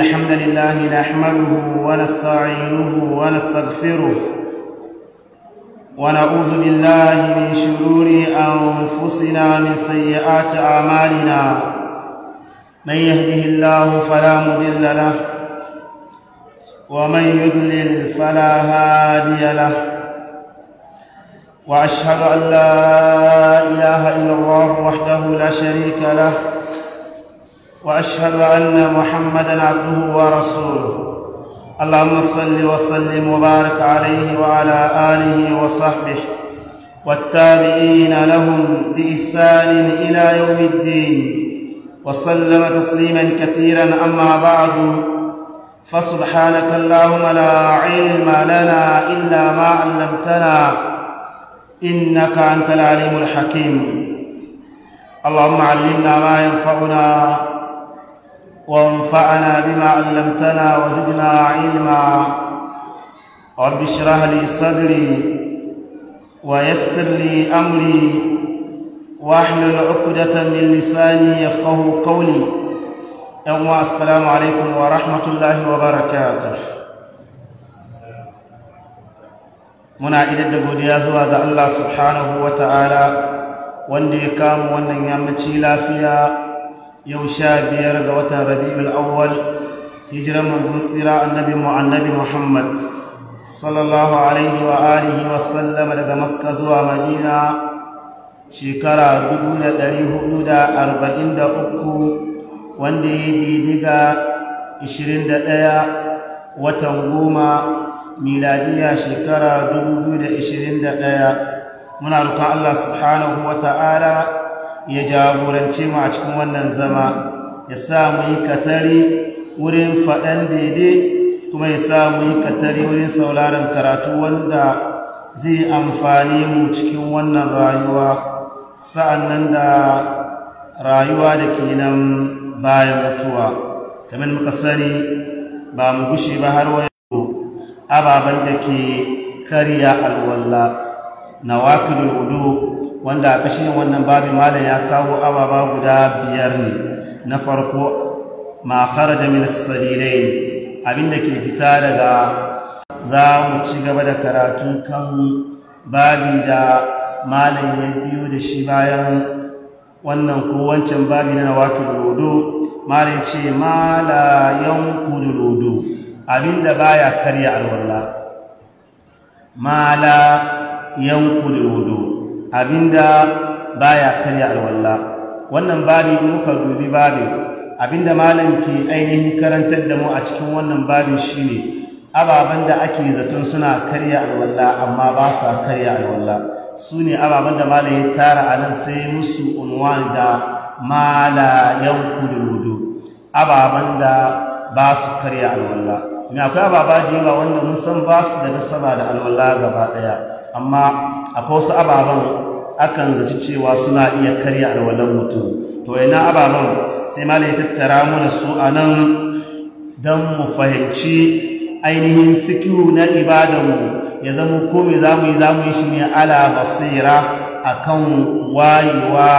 الحمد لله نحمده ونستعينه ونستغفره ونعوذ بالله من شرور أنفسنا من سيئات أعمالنا من يهده الله فلا مضل له ومن يضلل فلا هادي له وأشهد أن لا إله إلا الله وحده لا شريك له واشهد ان محمدا عبده ورسوله اللهم صل وسلم وبارك عليه وعلى اله وصحبه والتابعين لهم باحسان الى يوم الدين وسلم تسليما كثيرا اما بعد فسبحانك اللهم لا علم لنا الا ما علمتنا انك انت العليم الحكيم اللهم علمنا ما ينفعنا وانفعنا بما علمتنا وزدنا علما رب اشرح لي صدري ويسر لي امري واحلل عقدة من لساني يفقه قولي أما السلام عليكم ورحمة الله وبركاته muna idan da godiya zuwa ga Allah subhanahu wa ta'ala wanda ya kama wannan yammaci lafiya yau sha biyar ga watan rabi'ul awwal hijiran manzon tsira annabi mu annabi muhammad sallallahu alaihi wa alihi wa sallama daga makka zuwa madina shekara 443 wanda ya didiga 21 watan goma miladiya shekara 2021 muna roƙon Allah subhanahu wa ta'ala ya jagoranci mu a cikin wannan zama ya sa mu yi katari wurin faɗan daidai kuma ya sa mu yi katari wurin sauraron karatu wanda zai amfani mu cikin wannan rayuwa sa'annan da rayuwa da ke nan bayan mutuwa kamar muka sani ba mu gushe ba har wayo ababen da ke karya alwalla na wakilul hudu wanda a kashin wannan babi malam ya kawo ababa guda biyar ne na farko ma kharaja min as abinda ke fita daga za mu ci gaba da karatu kan babi da malam ya biyo da shi bayan wannan ko wancan babi na nawakil rodo malin ce mala yankudu rodo abinda baya karya alwala mala yankudu rodo abinda baya karya alwalla wannan babi muka dubi babin abinda malam ke ainihin karantar da mu a cikin wannan babin shine ababen da ake zaton suna karya alwalla amma ba sa karya alwalla su ne ababen da malam ya tara a nan sai musu unwan da mala yankudul ababen da ba su karya alwalla mai akwai ababa da yawa wanda mun san ba su da nasaba da alwala gaba daya amma akwai wasu ababan akan zaci cewa suna iya karya alwalan mutum to ina ababan sai ma ya tattara mana su a nan don mu fahimci ainihin fikihu na mu ya zama ko me za mu yi za yi shi ne ala basira akan wayewa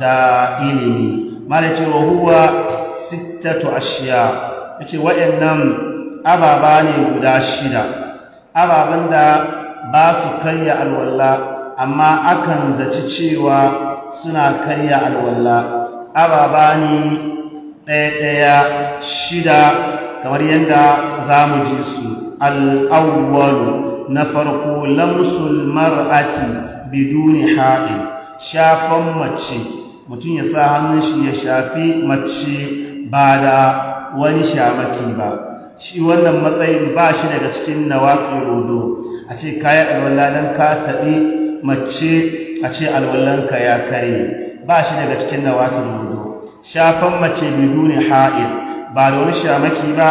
da ilimi mala ce wa huwa sittatu ashiya ce wa'annan ababa ne guda shida ababen da ba su karya alwalla amma akan zaci cewa suna karya alwalla ababa ne ɗaya shida kamar yadda za mu ji su al'awwalu na farko lamsul mar'ati biduni ha'il shafan mace mutum ya sa hannun shi ya shafi mace ba da wani shamaki ba shi wannan matsayin ba shi daga cikin nawaƙi rodo a ce kayan alwala ka taɓi mace a ce alwallanka ya kare ba shi daga cikin nawaƙi rodo shafan mace bidu ne ha'il ba da wani shamaki ba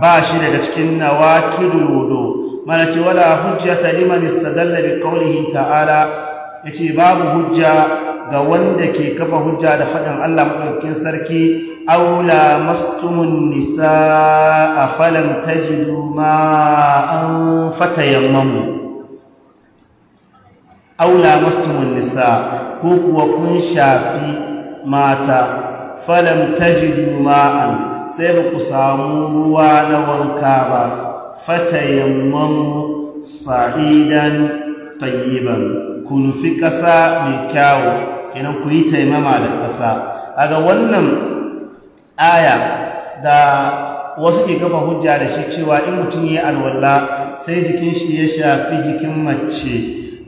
ba shi daga cikin nawaƙi rodo mana ce wala hujja ta liman istadalla bi qawlihi ta'ala yace babu hujja ga wanda ke kafa hujja da faɗin Allah maɗaukakin sarki aula mastumun nisaa falam tajidu fata fatayammamu aula mastumun nisaa ko kuwa kun shafi mata falam tajidu an sai ba ku samu ruwa na wanka ba fatayammamu sa'idan tayyiban ku nufi ƙasa mai kyawu kenan ku yi taimama da ƙasa A ga wannan aya da wasu ke kafa hujja da shi cewa in mutum ya alwalla sai jikin shi ya shafi jikin mace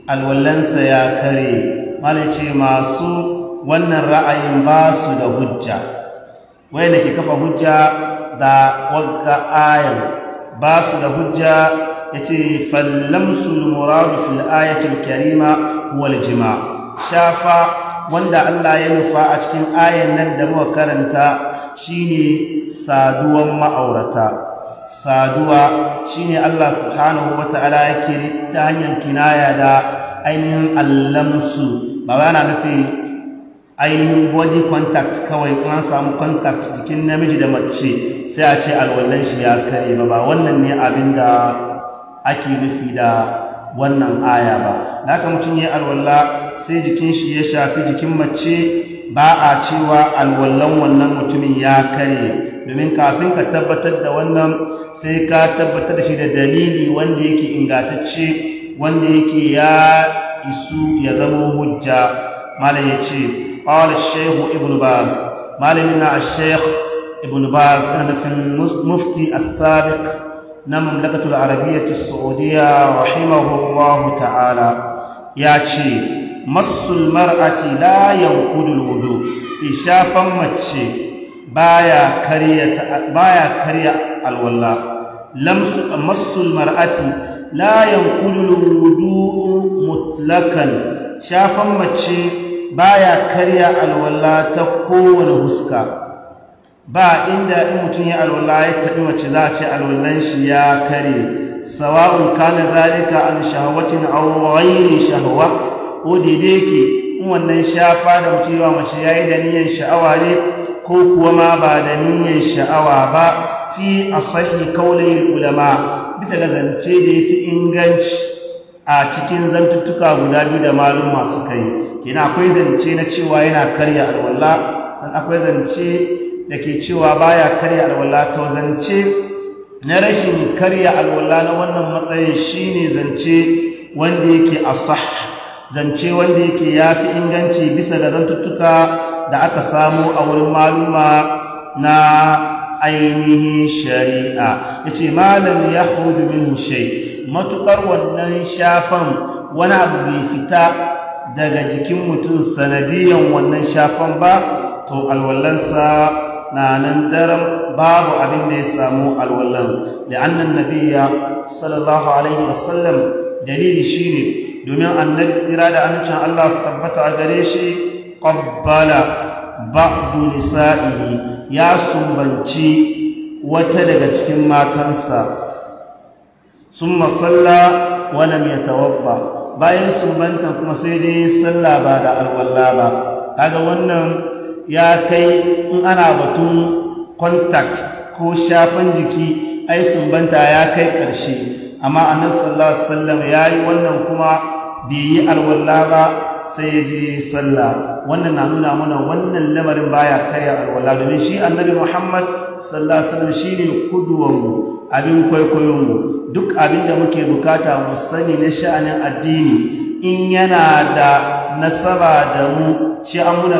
alwallansa ya kare malace masu wannan ra'ayin ba su da hujja da ke kafa hujja da wagga ayan ba su da hujja ya ce fallamsu muradu fil ayatul karima wal jima shafa wanda Allah ya nufa a cikin ayan nan da muka karanta shine saduwan ma'aurata saduwa shine Allah subhanahu wata'ala yake ta hanyar kinaya da ainihin allamsu ba yana nufi ainihin body contact kawai an samu contact jikin namiji da mace sai a ce alwallan shi ya kare ba ba wannan ne abin da ake nufi da wannan aya ba naka mutum ya alwalla sai jikin shi ya shafi jikin mace ba a cewa alwallon wannan mutumin ya kare domin kafin ka tabbatar da wannan sai ka tabbatar da shi da dalili wanda yake ingatacce wanda yake ya isu ya zama hujja malam ya ce قال الشيخ ابن باز مالنا الشيخ ابن باز nufin في المفتي السابق na mamlakatul arabiyyatu saudiya rahimahullahu ta'ala ya ce masul mar'ati la yankudul wudu ki shafan mace baya karya baya karya alwalla lamsu masul mar'ati la yankudul wudu mutlakan shafan mace baya karya alwalla ta kowane huska ba inda in mutum ya alwala ya taɓi mace za a ce alwallan shi ya kare sawa'un kana zalika an shahawatin aw ne shahawa ko daidai ke in wannan shafa da mutum yawa mace yayi da niyyar sha'awa ne ko kuwa ma ba da niyyar sha'awa ba fi asahi kaulayin ulama bisa ga zance da ya fi inganci a cikin zantuttuka guda biyu da malum masu kai kina akwai zance na cewa yana karya alwala san akwai zance da ke cewa baya karya alwala ta zance na rashin karya alwala na wannan matsayin shine zance wanda yake asah zance wanda yake yafi inganci bisa ga zantuttuka da aka samu a wurin maluma na ainihin shari'a ya ce malam ya hudu min shai matuƙar wannan shafan wani abu bai fita daga jikin mutum sanadiyan wannan shafan ba to alwallansa na nan daram babu abin da ya samu alwallan da annan nabiya sallallahu alaihi wasallam dalili shine domin annabi tsira da amincin Allah su tabbata a gare shi qabbala ba'du nisa'ihi ya sumbanci wata daga cikin matansa summa salla wa lam yatawadda bayan sumbanta kuma sai dai sallah ba da alwalla ba kaga wannan ya kai in ana batun contact ko shafan jiki ai sumbanta ya kai ƙarshe amma annabi sallallahu alaihi wasallam yayi wannan kuma bai yi alwala ba sai ya je sallah wannan na nuna mana wannan lamarin baya karya alwala domin shi annabi Muhammad sallallahu alaihi wasallam shine kuduwanmu abin kwaikwayonmu duk abin da muke bukata mu sani na sha'anin addini in yana da nasaba da mu shi an muna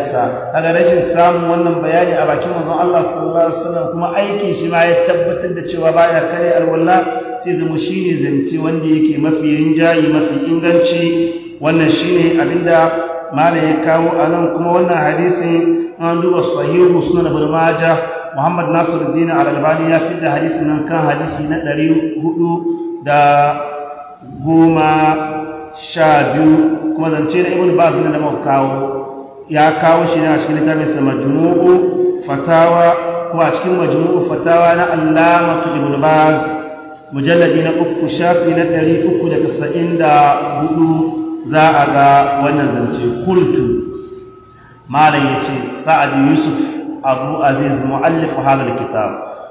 sa. daga rashin samun wannan bayani a bakin manzon Allah sallallahu alaihi wasallam kuma aikin shi ma ya tabbatar da cewa ya kare alwala sai zama ne zance wanda yake mafi rinjayi mafi inganci wannan shine abinda malam ya kawo a nan kuma wannan hadisin an duba sahihu sunan ibn majah muhammad nasiruddin al-albani ya fidda hadisin nan kan hadisi na 400 da goma sha biyu kuma zance na ibn baz ne da muka kawo ya kawo shi ne a cikin littafin sa majmu'u fatawa kuma a cikin majmu'u fatawa na allamatu ibn baz mujalladi na uku shafi na ɗari uku da tasa'in da hudu za a ga wannan zance kultu malam ya ce sa'ad yusuf abu aziz mu'allifu hadal kitab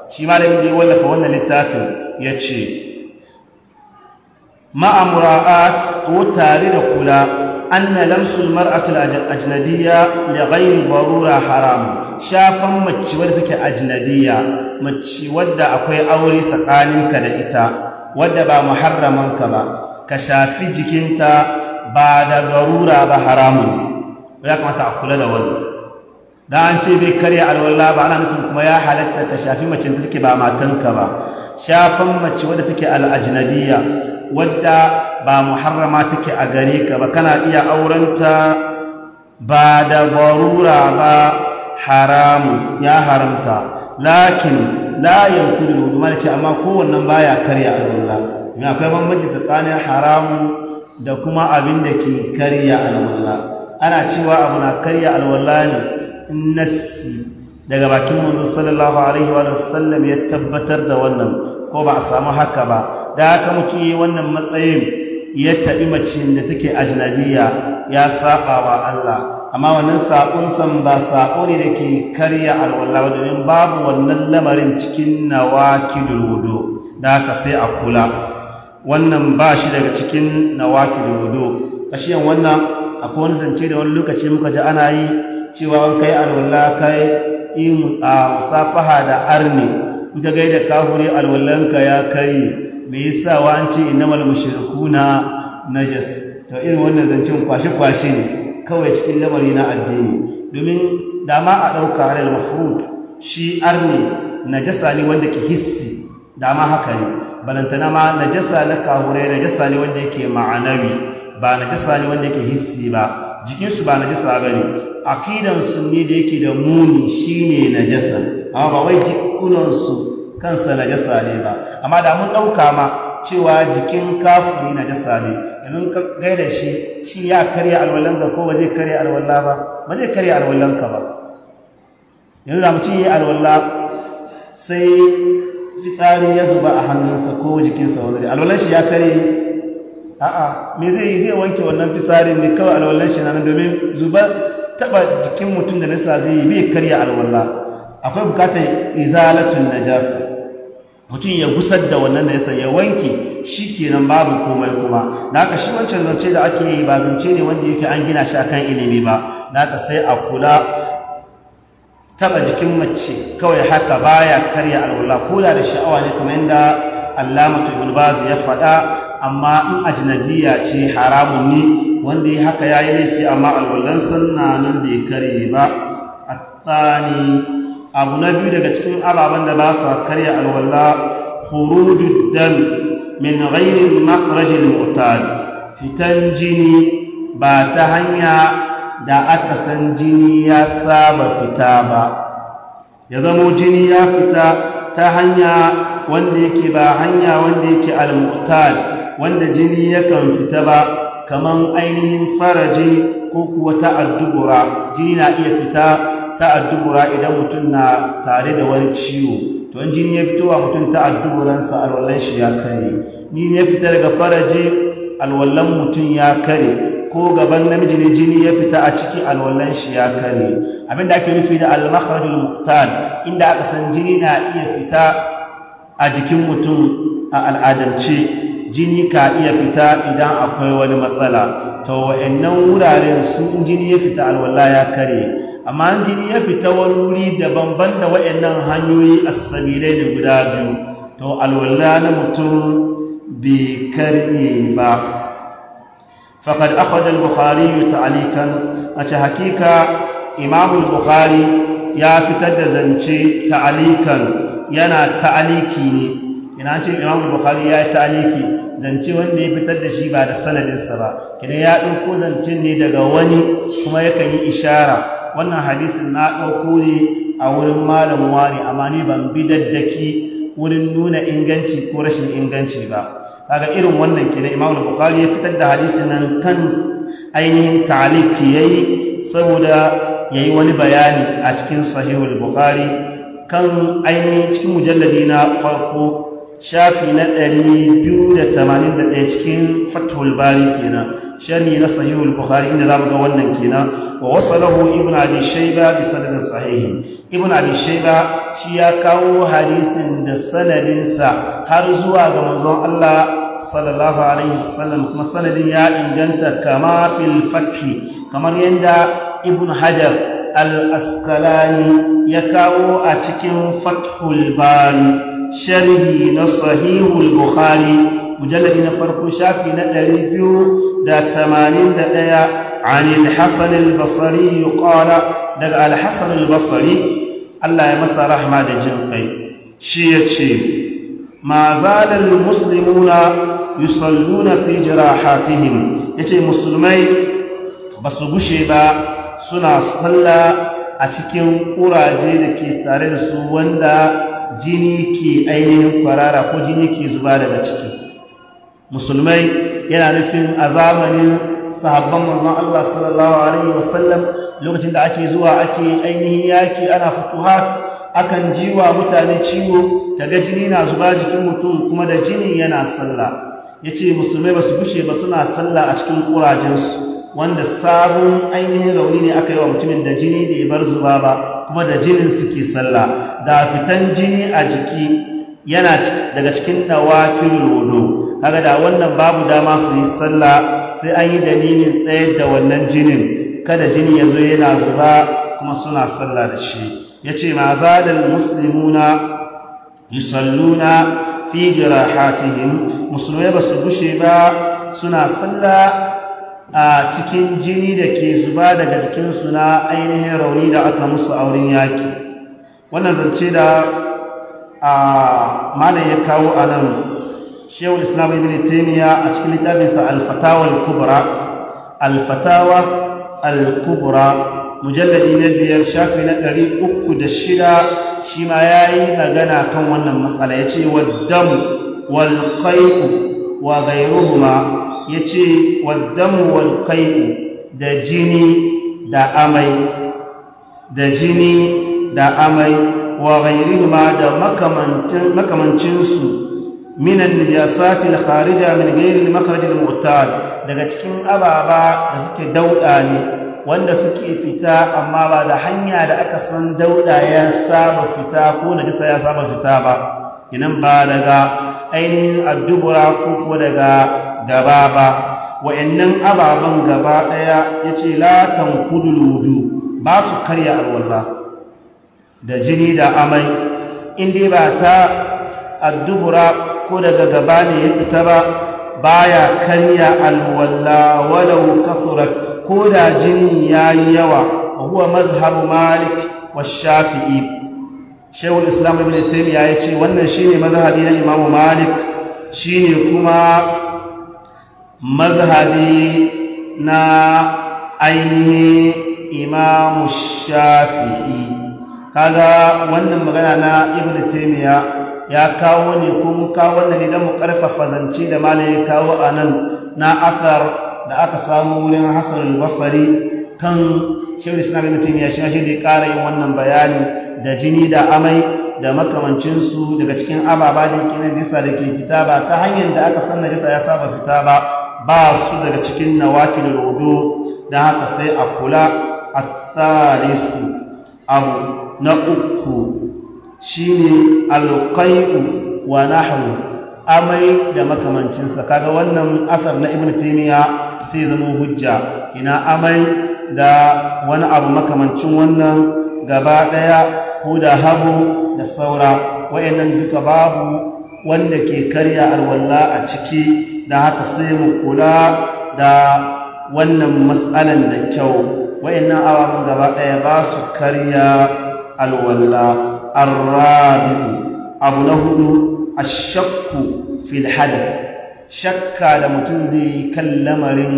shi malam da ya wallafa wannan littafin ya ce ma'a mura'at tare da kula anna lamsul mar'atul ajnabiya li ghairi darura haram shafan mace wadda take ajnabiyya mace wadda akwai aure tsakaninka da ita wadda ba muharramanka ba ka shafi jikinta ba da darura ba haramun ya kamata a kula da wannan da an ce bai karya alwallah ba ana nufin kuma ya halatta ka shafi mace da take ba matanka ba shafan mace wadda take al'ajnabiyya wadda ba muharrama take a gare ka ba kana iya aurenta ba da barura ba haramu ya haramta lakin la yankulu lumar ce amma kowannan baya karya alwala yana akwai bambanci tsakanin haramu da kuma abin da ke karya alwala ana cewa abu na karya alwala ne nasi daga bakin manzo sallallahu alaihi wa sallam ya tabbatar da wannan ko ba a samu haka ba da haka mutum yi wannan matsayin ya taɓi mace da take ajnabiya ya saba wa Allah amma wannan saƙon san ba saƙo ne da ke karya alwala domin babu wannan lamarin cikin nawakidul wudu da haka sai a kula wannan ba shi daga cikin nawakidul wudu kashiyan wannan akwai wani zance da wani lokaci muka ji ana yi cewa kai alwala kai A musafaha da arni in gai gaida kafuri alwallanka ya kai me yasa wa an innamal mushrikuna najas to irin wannan zancen kwashe kwashe ne kawai cikin lamari na addini domin da ma a dauka halal mafrud shi arni najasa ne wanda ke hissi da ma haka ne balantana ma najasa na kahure najasa ne wanda yake ma'anawi ba najasa ne wanda yake hissi ba jikinsu ba najasa ba ne akidan ne da yake da muni shine jisa amma ba wai jikunansu kansa na najasa ne ba amma da mun ɗauka ma cewa jikin na najasa ne yanzu gaida shi shi ya karya alwallanka ko ba zai karya alwalla ba ba zai karya alwallanka ba yanzu da mutum yi alwalla sai fitsari ya zuba a hannunsa ko jikinsa wani alwallan shi ya karye a'a me zai yi zai wanke wannan fitsarin ne kawai alwallan shi nan domin zuba taba jikin mutum da nasa zai yi bai karya alwalla akwai bukatar izalatun najasa mutum ya gusar da wannan da ya wanke shi kenan babu komai kuma Na ka shi wancan zance da ake yi ba zance ne wanda yake an gina shi akan ilimi ba Na ka sai a kula taba jikin mace kawai haka baya karya alwalla kula da sha'awa ne kamar yadda allamatu ibn baz ya faɗa amma in ajnabiya ce haramun ne wanda ya haka yayi laifi amma alwallan sanna nan bai kare ba A tsani. abu na biyu daga cikin ababen da ba sa karya alwalla khurujud dam min ghairi makhraj al-mu'tad fitan jini ba ta hanya da aka san jini ya saba fita ba ya zamo jini ya fita ta hanya wanda yake ba hanya wanda yake al-mu'tad wanda jini yakan fita ba kaman ainihin faraji ko kuwa ta'addubura jini na iya fita ta'addubura idan mutum na tare da wani ciwo to in jini ya fito a mutum sa alwallan shi ya kare jini ya fita daga faraji alwallan mutum ya kare ko gaban namiji ne jini ya fita a ciki alwallan shi ya kare abinda ake nufi da al-makhrajul muqtan inda aka san jini na iya fita a jikin mutum a al'adance jini ka iya fita idan akwai wani matsala to wa'annan wuraren su jini ya fita alwala ya kare amma jini ya fita wani wuri daban-ban da wa'annan hanyoyi as-sabilai ne guda biyu to alwala na mutum bai karye ba فقد أخذ البخاري تعليقا حقيقة إمام البخاري يا فتد زنشي تعليقا ينا تعليقيني ina ce imam bukhari ya yi ta'aliki zance wanda ya fitar da shi ba da sanadinsa ba kidan ya ɗauko zancen ne daga wani kuma yakan yi ishara wannan hadisin na ɗauko ne a wurin malam wani amma ni ban bi daddaki wurin nuna inganci ko rashin inganci ba kaga irin wannan kenan Imam al Bukhari ya fitar da hadisin nan kan ainihin ta'liq yayi saboda yayi wani bayani a cikin al Bukhari kan ainihin cikin mujalladi na farko shafi na 281 cikin Fathul Bari kenan sharhi na al Bukhari inda zamu ga wannan kenan wa wasalahu Ibn Abi Shayba bi sanadin sahih Ibn Abi Shayba shi ya kawo hadisin da sanadinsa har zuwa ga manzon Allah sallallahu alaihi wasallam kuma sanadin ya inganta kama fil fathi kamar yadda ibn hajar al-asqalani ya kawo a cikin fathul bari sharhi na sahihul bukhari farko نفرق na ɗari biyu da tamanin da ɗaya, عن الحسن البصري قال دقى الحسن البصري Allah ya masa rahma da jin kai shi ya ce ma zadal muslimuna yusalluna fi jirahatihim ce musulmai ba su gushe ba suna sallah a cikin kuraje da ke tare da su wanda jini ke ainihin kwarara ko jini ke zuba daga ciki musulmai yana nufin a zamanin sahabban manzon Allah sallallahu alaihi wasallam lokacin da ake zuwa ake ainihin yaki ana futuhat akan jiwa mutane ciwo kaga jini na zuba jikin mutum kuma da jini yana sallah yace musulmai basu gushe ba suna sallah a cikin kurajensu wanda sabon ainihin rauni ne aka yi wa mutumin da jini ne bar zuba ba kuma da jinin suke sallah da fitan jini a jiki yana daga cikin dawakin wudu kaga da wannan babu dama su yi sallah sai an yi dalilin tsayar da wannan jinin kada jini ya zo yana zuba kuma suna sallah da shi ya ce ma da musulmuna, yusalluna fi jirahatihim musulmai ba su gushe ba suna sallah a cikin jini da ke zuba daga jikinsu na ainihin rauni da aka musu auren yaki wannan zance da a malam ya kawo a nan shehul islam ibn a cikin littafinsa alfatawa al-kubra alfatawa al-kubra mujalladi na biyar shafi na ɗari uku da shida shi ma ya yi magana kan wannan matsala ya ce waddam walƙai'u wa gairuhuma ya ce waddam walƙai'u da jini da amai da jini da amai wa gairuhuma da makamancinsu minan النجاسات kharija من غير المخرج المعتاد daga cikin ababa da suke dauda ne wanda suke fita amma ba da hanya da aka san dauda ya saba fita ko jisa ya saba fita ba inan ba daga ainihin addubura ko ko daga gaba ba wa'annan ababan gaba daya yace la tankudul wudu ba su karya alwala da jini da amai in ba ta addubura ko daga gaba ne ya fita ba baya karya alwalla walau kathurat ko da jini yayi yawa huwa mazhabu malik wa shafi'i shaykhul islam ibn taymiya yace wannan shine mazhabi na imam malik shine kuma mazhabi na ainihi imam shafi'i kaga wannan magana na ibn taymiya ya kawo ne ko mun kawo ne don mu karfafa zance da malami ya kawo anan na athar da aka samu wurin Hassan al-Basri kan Shehu Islam Ibn Taymiyyah shi shi da ƙara yin wannan bayani da jini da amai da makamancinsu daga cikin ababa da yake disa da ke fita ba ta hanyar da aka san jisa ya saba fita ba ba su daga cikin nawakil wudu da haka sai a kula a tsarisu abu na uku shine alqai'u wa nahwu amai da makamancinsa kaga wannan asar na ibn taymiya sai zama hujja ina amai da wani abu makamancin wannan gaba daya ko da habu da saura wayannan duka babu wanda ke karya alwallah a ciki da haka sai mu kula da wannan matsalan da kyau wa'annan ababen gaba ɗaya ba su karya alwalla arrabi'u abu na hudu a shakku fil shakka da mutum zai yi kan lamarin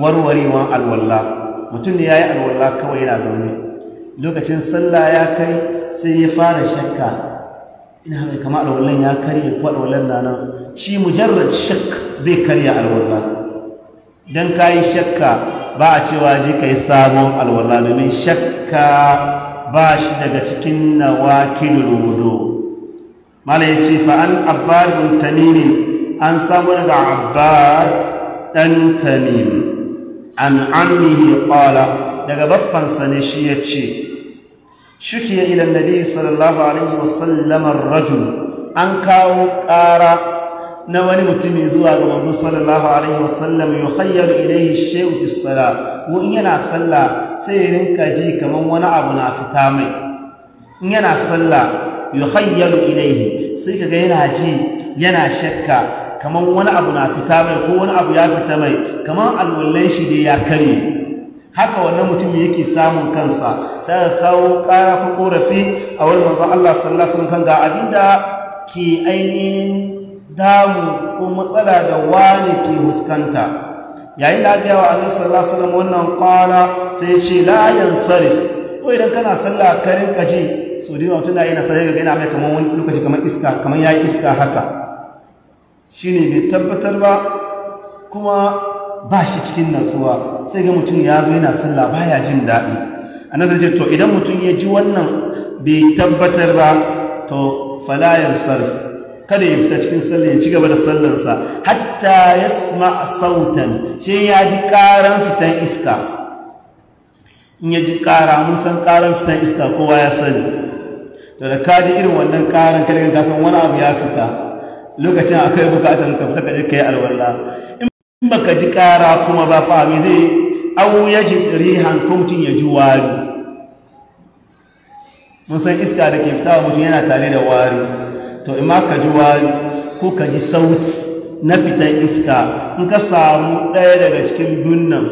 warwarewan alwallah mutum ne ya yi alwallah kawai yana zaune lokacin sallah ya kai sai ya fara shakka ina mai kama alwallan ya karye ko alwallan na nan shi mujarrad shak bai karya alwallah dan kayi shakka ba a cewa je kayi sabon alwallah domin shakka ba shi daga cikin nawakilul wudu mala yace fa an abbad bin an samu daga abbad ɗan tanini. an ammihi ƙwala. daga baffansa ne shi yace ya ila nabi sallallahu alaihi wasallam rajul an kawo ƙara na wani mutumi zuwa ga manzo sallallahu alaihi wasallam yukhayyalu ilayhi shay'u fi salah ko in yana sallah sai ya rinka ji kaman wani abu na fita mai in yana sallah yukhayyalu ilayhi sai kaga yana ji yana shakka kaman wani abu na fita mai ko wani abu ya fita mai kaman alwallan shi dai ya kare haka wannan mutum yake samun kansa sai ka kawo ƙara ko korafi a wurin manzo Allah sallallahu alaihi wasallam kan ga abinda ke ainihin damu ko matsala da wani ke huskanta yayin da aka yi wa sallallahu alaihi wannan kwana sai ce layan sarif ko idan kana sallah ka rinka ji so dai mutum na yana sai ga yana mai kamar wani lokaci kamar iska kamar ya iska haka ne bai tabbatar ba kuma ba shi cikin natsuwa sai ga mutum ya zo yana sallah ya jin daɗi A ce to idan mutum ya ji wannan bai tabbatar ba to falayan yansarif kada ya fita cikin sallar ya ci gaba da sallarsa hatta yasma sautan shi ya ji karan fitan iska in ya ji kara mun san karan fitan iska kowa ya sani to da ka ji irin wannan karan kada ka san wani abu ya fita lokacin akai bukatar ka fita ka je kai alwala in baka ji kara kuma ba fa me zai ya ji rihan kautin ya ji wari mun san iska da ke fita mutum yana tare da wari to in ka ji wari ko ka ji sauti na fitan iska in ka samu ɗaya daga cikin dunnan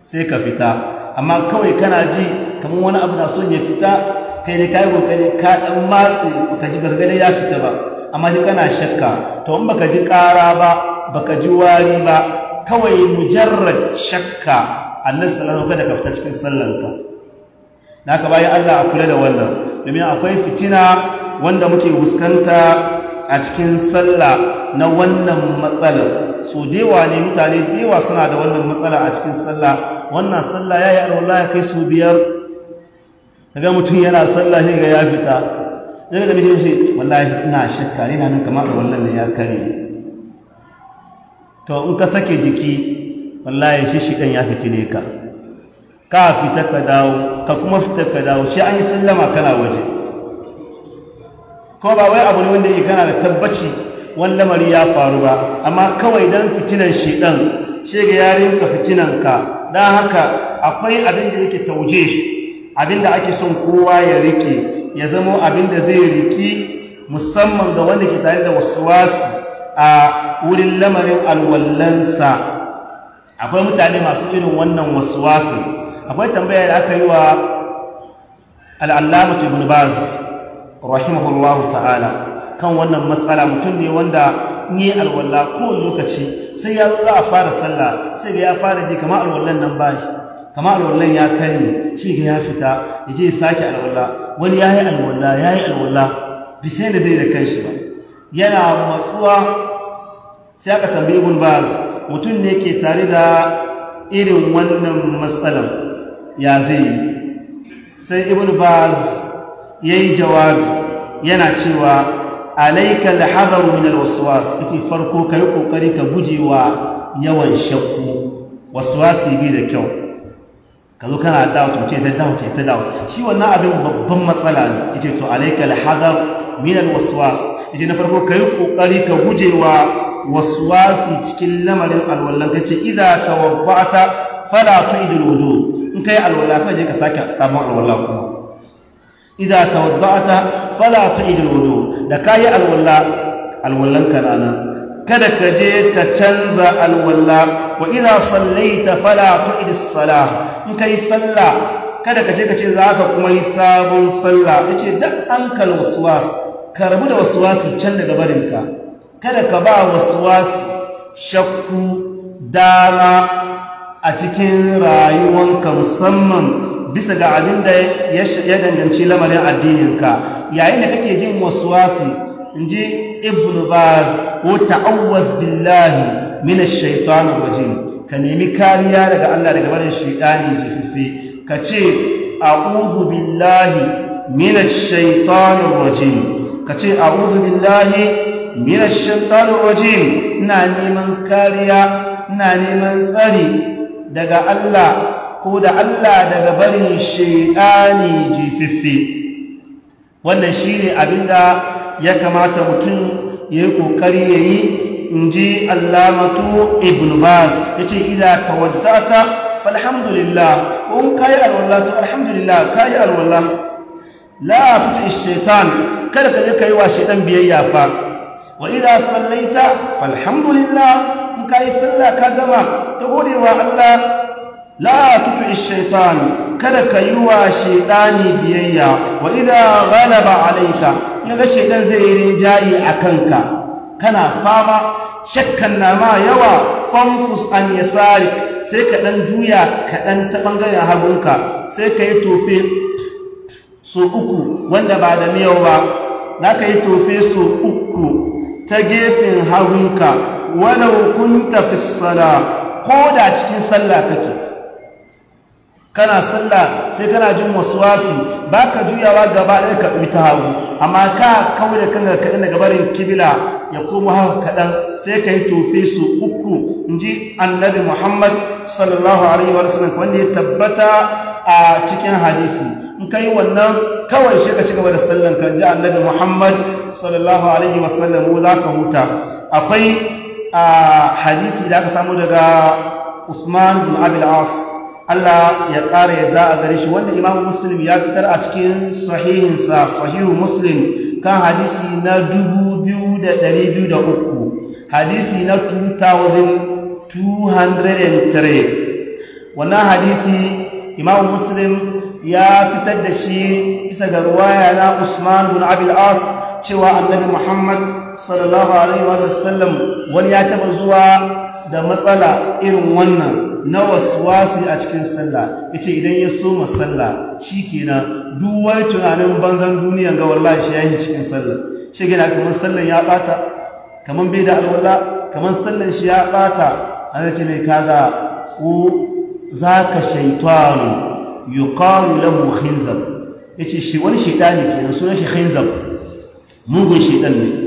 sai ka fita amma kawai kana ji kamar wani abu na son ya fita kai ne kayi kokari ka dan matse ka ji baka ya fita ba amma shi kana shakka to in baka ji ƙara ba baka ji wari ba kawai mujarrad shakka annabi sallallahu alaihi kada ka fita cikin sallanka N'a ka bayan Allah a kula da wannan domin akwai fitina wanda muke fuskanta a cikin sallah na wannan matsalar so dewa ne mutane dewa suna da wannan matsala a cikin sallah wannan sallah ya yi alwallah ya kai su biyar daga mutum yana sallah shi ga ya fita zai ga mutum shi wallahi ina shakka ne na nun kamar wannan ne ya kare to in ka sake jiki wallahi shi shi ya ne ka ka fita ka dawo ka kuma fita ka dawo shi an yi sallama kana waje ko ba wai abu ne wanda yi kana da tabbaci wani lamari ya faru ba amma kawai dan fitinan shi dan shi ga yarin ka fitinan ka dan haka akwai abin da yake tauje abin da ake son kowa ya rike ya zama abin da zai riki musamman ga wanda ke tare da wasuwasi a wurin lamarin alwallansa akwai mutane masu irin wannan wasu. akwai tambaya da aka yi wa al'allamatu ibn baz rahimahullahu ta'ala kan wannan matsala mutum ne wanda ni alwallah kowane lokaci sai ya za a fara sallah sai ga ya fara ji kama alwallan nan ba shi Kama alwallan ya kare shi ga ya fita ya je sake alwallah wani ya yi alwallah ya yi alwala bisai da zai da shi ba yana matsuwa sai aka tambayi ibn baz mutum ne ke tare da irin wannan matsalar ya zai yi sai ibn baz ya yi jawabi yana cewa alaika lahadaru min alwaswas ita farko kai yi kokari ka guje wa yawan shakku waswasi bi da kyau ka zo kana doubt ce ta doubt ta doubt shi wannan abin babban matsala ne ita to alaika lahadar min alwaswas ita na farko kai yi kokari ka guje wa waswasi cikin lamarin alwallan kace idza tawabbata fala tu'idul wudu in kai alwala kawai je ka sake sabon alwala kuma ta tawadda'ata fala tu'id alwudu da ka yi alwala alwallan ka rana kada ka je ka canza alwala wa idza sallaita fala tu'id as-salah in yi sallah kada ka je ka ce za ka kuma yi sabon sallah yace dan ankal waswas ka rabu da waswasi can daga barinka kada ka ba waswasi shakku dama a cikin rayuwan musamman bisa ga abin da ya danganci lamarin addininka yayin da kake jin waswasi in ji ibn baz ko ta'awwaz billahi min ash-shaytan rajim ka nemi kariya daga Allah daga barin shaytani jififi ka ce a'udhu billahi min ash-shaytan rajim ka ce a'udhu billahi min ash-shaytan rajim ina neman kariya ina neman tsari daga Allah ko da Allah daga barin shaidani jififfe wannan shine abinda ya kamata mutum ya yi kokari ya yi in ji allamatu ibn bar ya ce idan tawaddata falhamdulillah un kayi alwallah to alhamdulillah kayi alwallah la tuti shaitan kada ka je kai wa shaidan biyayya fa wa idan sallaita falhamdulillah in ka yi sallah ka gama ta gode wa Allah la tutu shaitan kada ka yi wa shaitani biyayya wa idha ghalaba alayka naga shaitan zai yi rinjayi a kanka kana fama shakkan na ma yawa famfus an yasarik sai ka dan juya ka dan ta bangaren hagunka sai ka yi tofe so uku wanda ba da miyau ba za ka yi tofe so uku ta gefen hagunka walau kunta fi sala ko da cikin sallah kake kana sallah sai kana jin waswasi baka juyawa gaba ɗaya ka bi ta hagu amma ka kawai da kanka kaɗan daga barin kibila ya komo haka kaɗan sai ka yi tofe su uku in annabi muhammad sallallahu alaihi wa sallam wanda ya tabbata a cikin hadisi in ka yi wannan kawai shi ka ci gaba da sallan ka ji annabi muhammad sallallahu alaihi wa sallam za ka huta akwai a hadisi da aka samu daga usman bin abu As Allah ya ƙara yadda a gare shi wanda Imam Muslim ya fitar a cikin sahihinsa sahihu Muslim kan hadisi na 2203 hadisi na 2203 wannan hadisi Imam Muslim ya fitar da shi bisa ga ruwaya na Usman bin Abil As cewa Annabi Muhammad sallallahu alaihi wa sallam wani ya taba zuwa da matsala irin wannan na waswasi a cikin sallah ya ce idan ya soma sallah shikenan duk wani tunanin banzan duniya ga wallahi shi yayi cikin sallah shi gina kamar sallan ya bata kamar bai da alwala kamar sallan shi ya bata an ce mai kaga ku zaka shaytanu yuqalu lahu khinzab yace shi wani shaytani kenan sunan shi khinzab mugun shaytan ne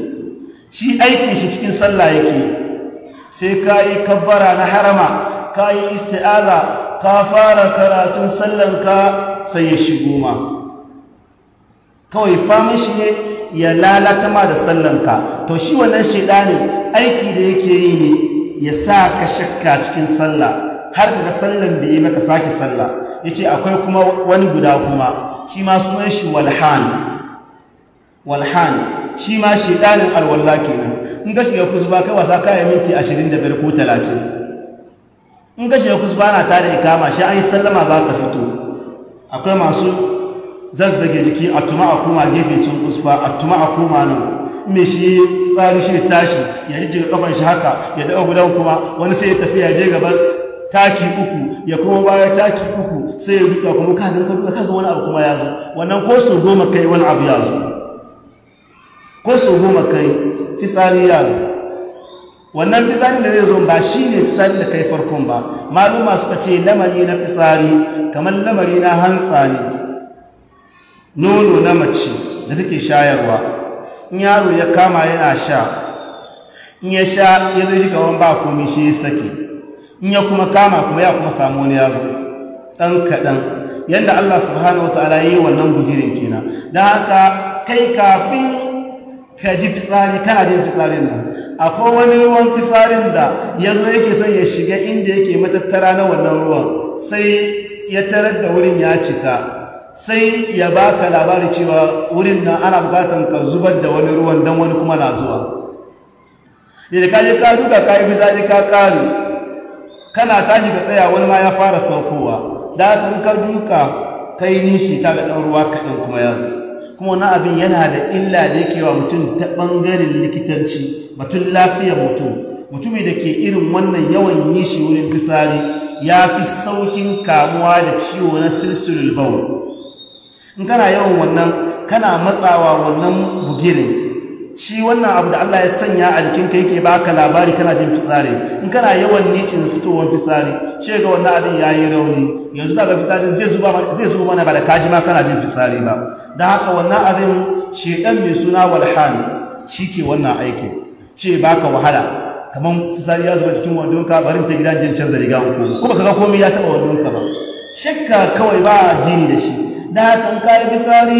shi aikin shi cikin sallah yake sai ka yi kabbara na harama ka yi istiala ka fara karatun sallanka sai ya shigo ma kawai famin shi ne ya lalata ma da ka to shi wannan ne aiki da yake yi ne ya sa ka shakka cikin sallah har daga sallan bai yi maka sake sallah yace akwai kuma wani guda kuma shi ma sunan shi walhan walhan shi ma shi alwallah alwalla kenan in ka shiga kusba kai wasa kayan minti 25 ko 30 in ka shiga kusba na tare ikama shi an yi sallama za ka fito akwai masu zazzage jiki a tuma a kuma gefe cin kusba a tuma a kuma nan mai shi tsari shi tashi ya yi jiga kafan shi haka ya daga gudan kuma wani sai ya tafi ya je gaban taki uku ya kuma baya taki uku sai ya duka kuma ka kaga wani abu kuma ya zo wannan ko so goma kai wani abu ya zo ko su goma kai fitsari yaro wannan fitsari da zai zo ba shi ne fitsari da kai farkon ba maluma suka ce lamari na fitsari kamar lamari na hantsa ne nono na mace da take shayarwa in yaro ya kama yana sha in ya sha ya zai jika wani ba komi shi ya sake in ya kuma kama kuma ya kuma samu wani yaro ɗan kaɗan yadda Allah subhanahu wa ta'ala yi wannan bugirin kina da haka kai kafin ka ji fitsari kana jin fitsarin nan akwai wani ruwan fitsarin da ya zo yake son ya shiga inda yake matattara na wannan ruwan sai ya tarar da wurin ya cika sai ya ba ka labari cewa wurin nan ana bukatan ka zubar da wani ruwan don wani kuma na zuwa da ka je ka duka kayi yi fitsari ka kare kana tashi ga tsaya wani ma ya fara saukowa da haka in ka duka ka yi nishi ka ga ɗan ruwa kaɗan kuma ya kuma wani abin yana da illa da yake wa mutum ta ɓangaren likitanci batun lafiyar mutum mutumi da ke irin wannan yawan yi shi wurin fisari ya fi saukin kamuwa da ciwo na silsilin bau in kana yawan wannan kana matsawa wannan bugirin shi wannan abu da Allah ya sanya a jikin ka yake baka labari kana jin fitsari in kana yawan nicin fitowar fitsari ce ga wannan abin ya yi rauni yanzu kaga fitsari zai zuba mana ba da kaji ma kana jin fitsari ba Da haka wannan abin dan mai suna walhan ke wannan aiki ce baka wahala kamar fitsari ya zuba cikin ka barin ta gida jin canza riga uku kuma kaga komai ya taba ka ba shakka kawai ba addini da shi Da haka in ka yi fitsari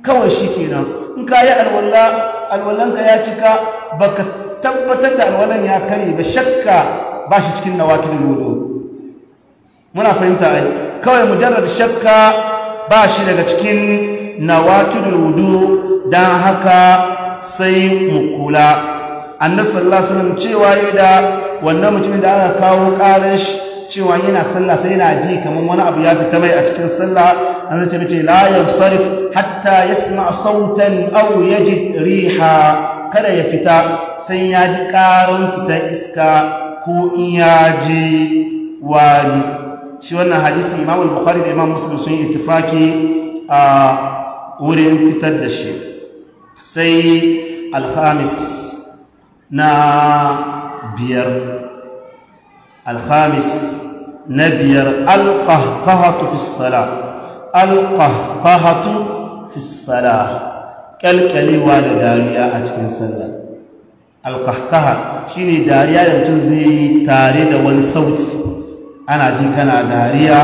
kawai shi kenan in ka yi alwala alwalanka ya cika ba ka tabbatar da alwalan ya kare ba shakka ba shi cikin nawakin wudu muna fahimta ai kawai mujarrad shakka ba shi daga cikin nawakin wudu dan haka sai mu kula annabi sallallahu alaihi cewa yayin da wannan mutumin da aka kawo karar shi cewa yana sallah sai yana ji kamar wani abu ya fita mai a cikin sallah an zace mace la yansarif hatta yasma sautan aw yajid riha kada ya fita sai ya ji karan fita iska ko in ya ji wari shi wannan hadisi Imam al-Bukhari da Imam Muslim sun yi ittifaki a wurin fitar da shi sai al-khamis na biyar alhamis na biyar alƙahƙahatu fi sala alƙahƙahatu fi sala ƙyalƙyalewa dariya a cikin sallah alƙahƙaha shi ne dariya da zai yi tare da wani sauti ana jin kana dariya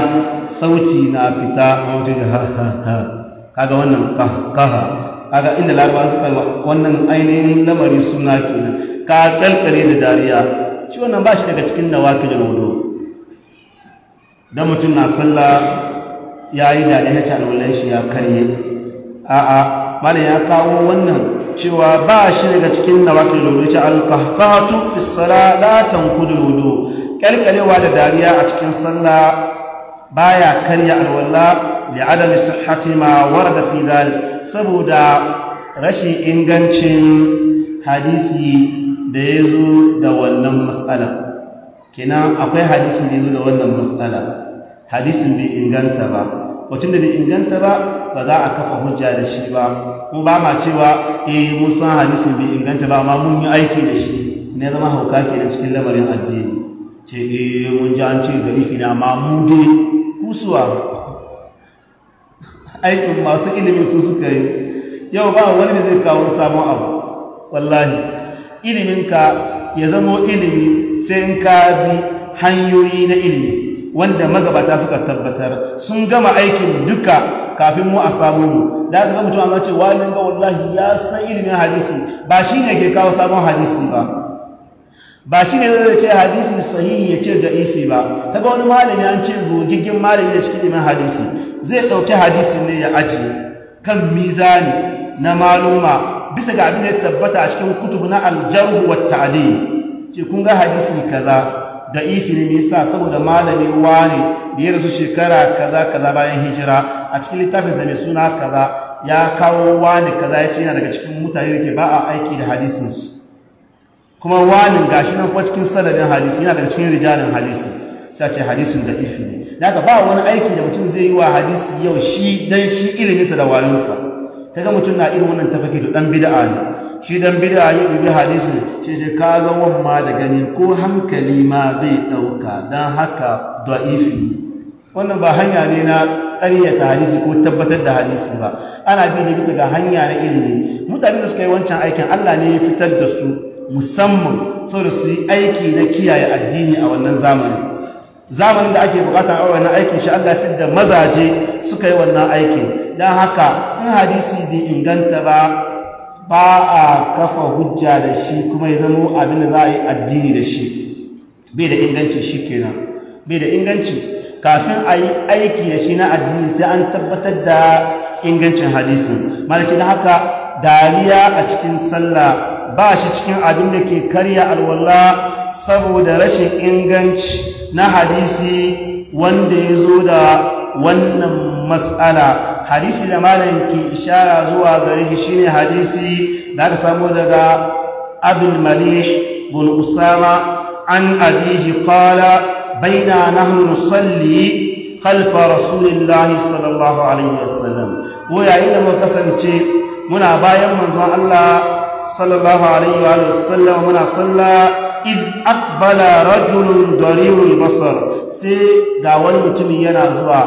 sauti na fita a wajen ha ha ha kaga wannan ƙahƙaha inda wannan ainihin lamari suna kenan ka da dariya shi wannan ba shi daga cikin nawaki da wudu da mutum na sallah ya yi da ya ci alwalan shi ya karye a'a malam ya kawo wannan cewa ba shi daga cikin nawaki da wudu ci alqahqatu fi salat la da wudu kalkalewa da dariya a cikin sallah baya karya alwala li'adami sihhati ma warada fi dhalik saboda rashin ingancin hadisi da ya zo da wannan matsala kenan akwai hadisin da ya zo da wannan matsala hadisin bai inganta ba mutum da bai inganta ba ba za a kafa hujja da shi ba ko ba ma cewa e mun san hadisin bai inganta ba amma mun yi aiki da shi ne zama hauka ke da cikin lamarin addini ce eh mun ji ce na mu kusuwa aikin masu ilimi su suka yi yau ba wani da zai kawo sabon abu wallahi iliminka ya zamo ilimi sai in ka bi hanyoyi na ilimi wanda magabata suka tabbatar sun gama aikin duka kafin mu a samu mu da aka ga mutum zace wani ga wallahi ya san ilimin hadisi ba shi ne ke kawo sabon hadisi ba ba shi ne zai ce hadisi sahihi ya ce da ifi ba ta ga wani malami an ce gogigin malami da cikin ilimin hadisi zai ɗauki hadisi ne ya ajiye kan mizani na maluma bisa ga abin da ya tabbata a cikin kutubu na aljarhu wa ta'dil ce kun ga hadisi kaza da ifini saboda malami wani da ya rasu shekara kaza kaza bayan hijira a cikin littafin mai suna kaza ya kawo wani kaza ya ce yana daga cikin mutane da ke ba a aiki da hadisin su kuma wani gashi nan kuma cikin sanadin hadisi yana daga cikin rijalin hadisi sai ce hadisin da ifini da ba wani aiki da mutum zai yi wa hadisi yau shi dan shi iliminsa da wayonsa kaga mutum na irin wannan tafaki to dan bid'a ne shi dan bid'a ya dubi hadisi ne shi ce kaga wamma da gani ko hankali ma bai dauka dan haka da'ifi wannan ba hanya ne na ƙaryata hadisi ko tabbatar da hadisi ba ana bi ne bisa ga hanya na ilimi mutane da suka yi wancan aikin Allah ne ya fitar da su musamman saboda su yi aiki na kiyaye addini a wannan zamanin zamanin da ake bukatar a wannan aikin shi Allah ya fitar da mazaje suka yi wannan aikin don haka in hadisi bai inganta ba ba a kafa hujja da shi kuma ya zama abin da za a yi addini da shi bai da inganci shi kenan bai da inganci kafin a yi aiki da shi na addini sai an tabbatar da ingancin hadisin malaci da haka dariya a cikin sallah ba shi cikin abin da ke karya alwala saboda rashin inganci na hadisi wanda ya zo da wannan matsala hadisi da malam ke ishara zuwa gari shi ne hadisi da aka samu daga Abin malih bin usama an abihi qala baina nahnu salli, khalfa rasulillahi sallallahu alaihi wasallam ko yayin da muka kasance muna bayan manzon Allah sallallahu alaihi wa muna sallah Akbala, aqbala rajulun darirul basar sai ga wani mutumin yana zuwa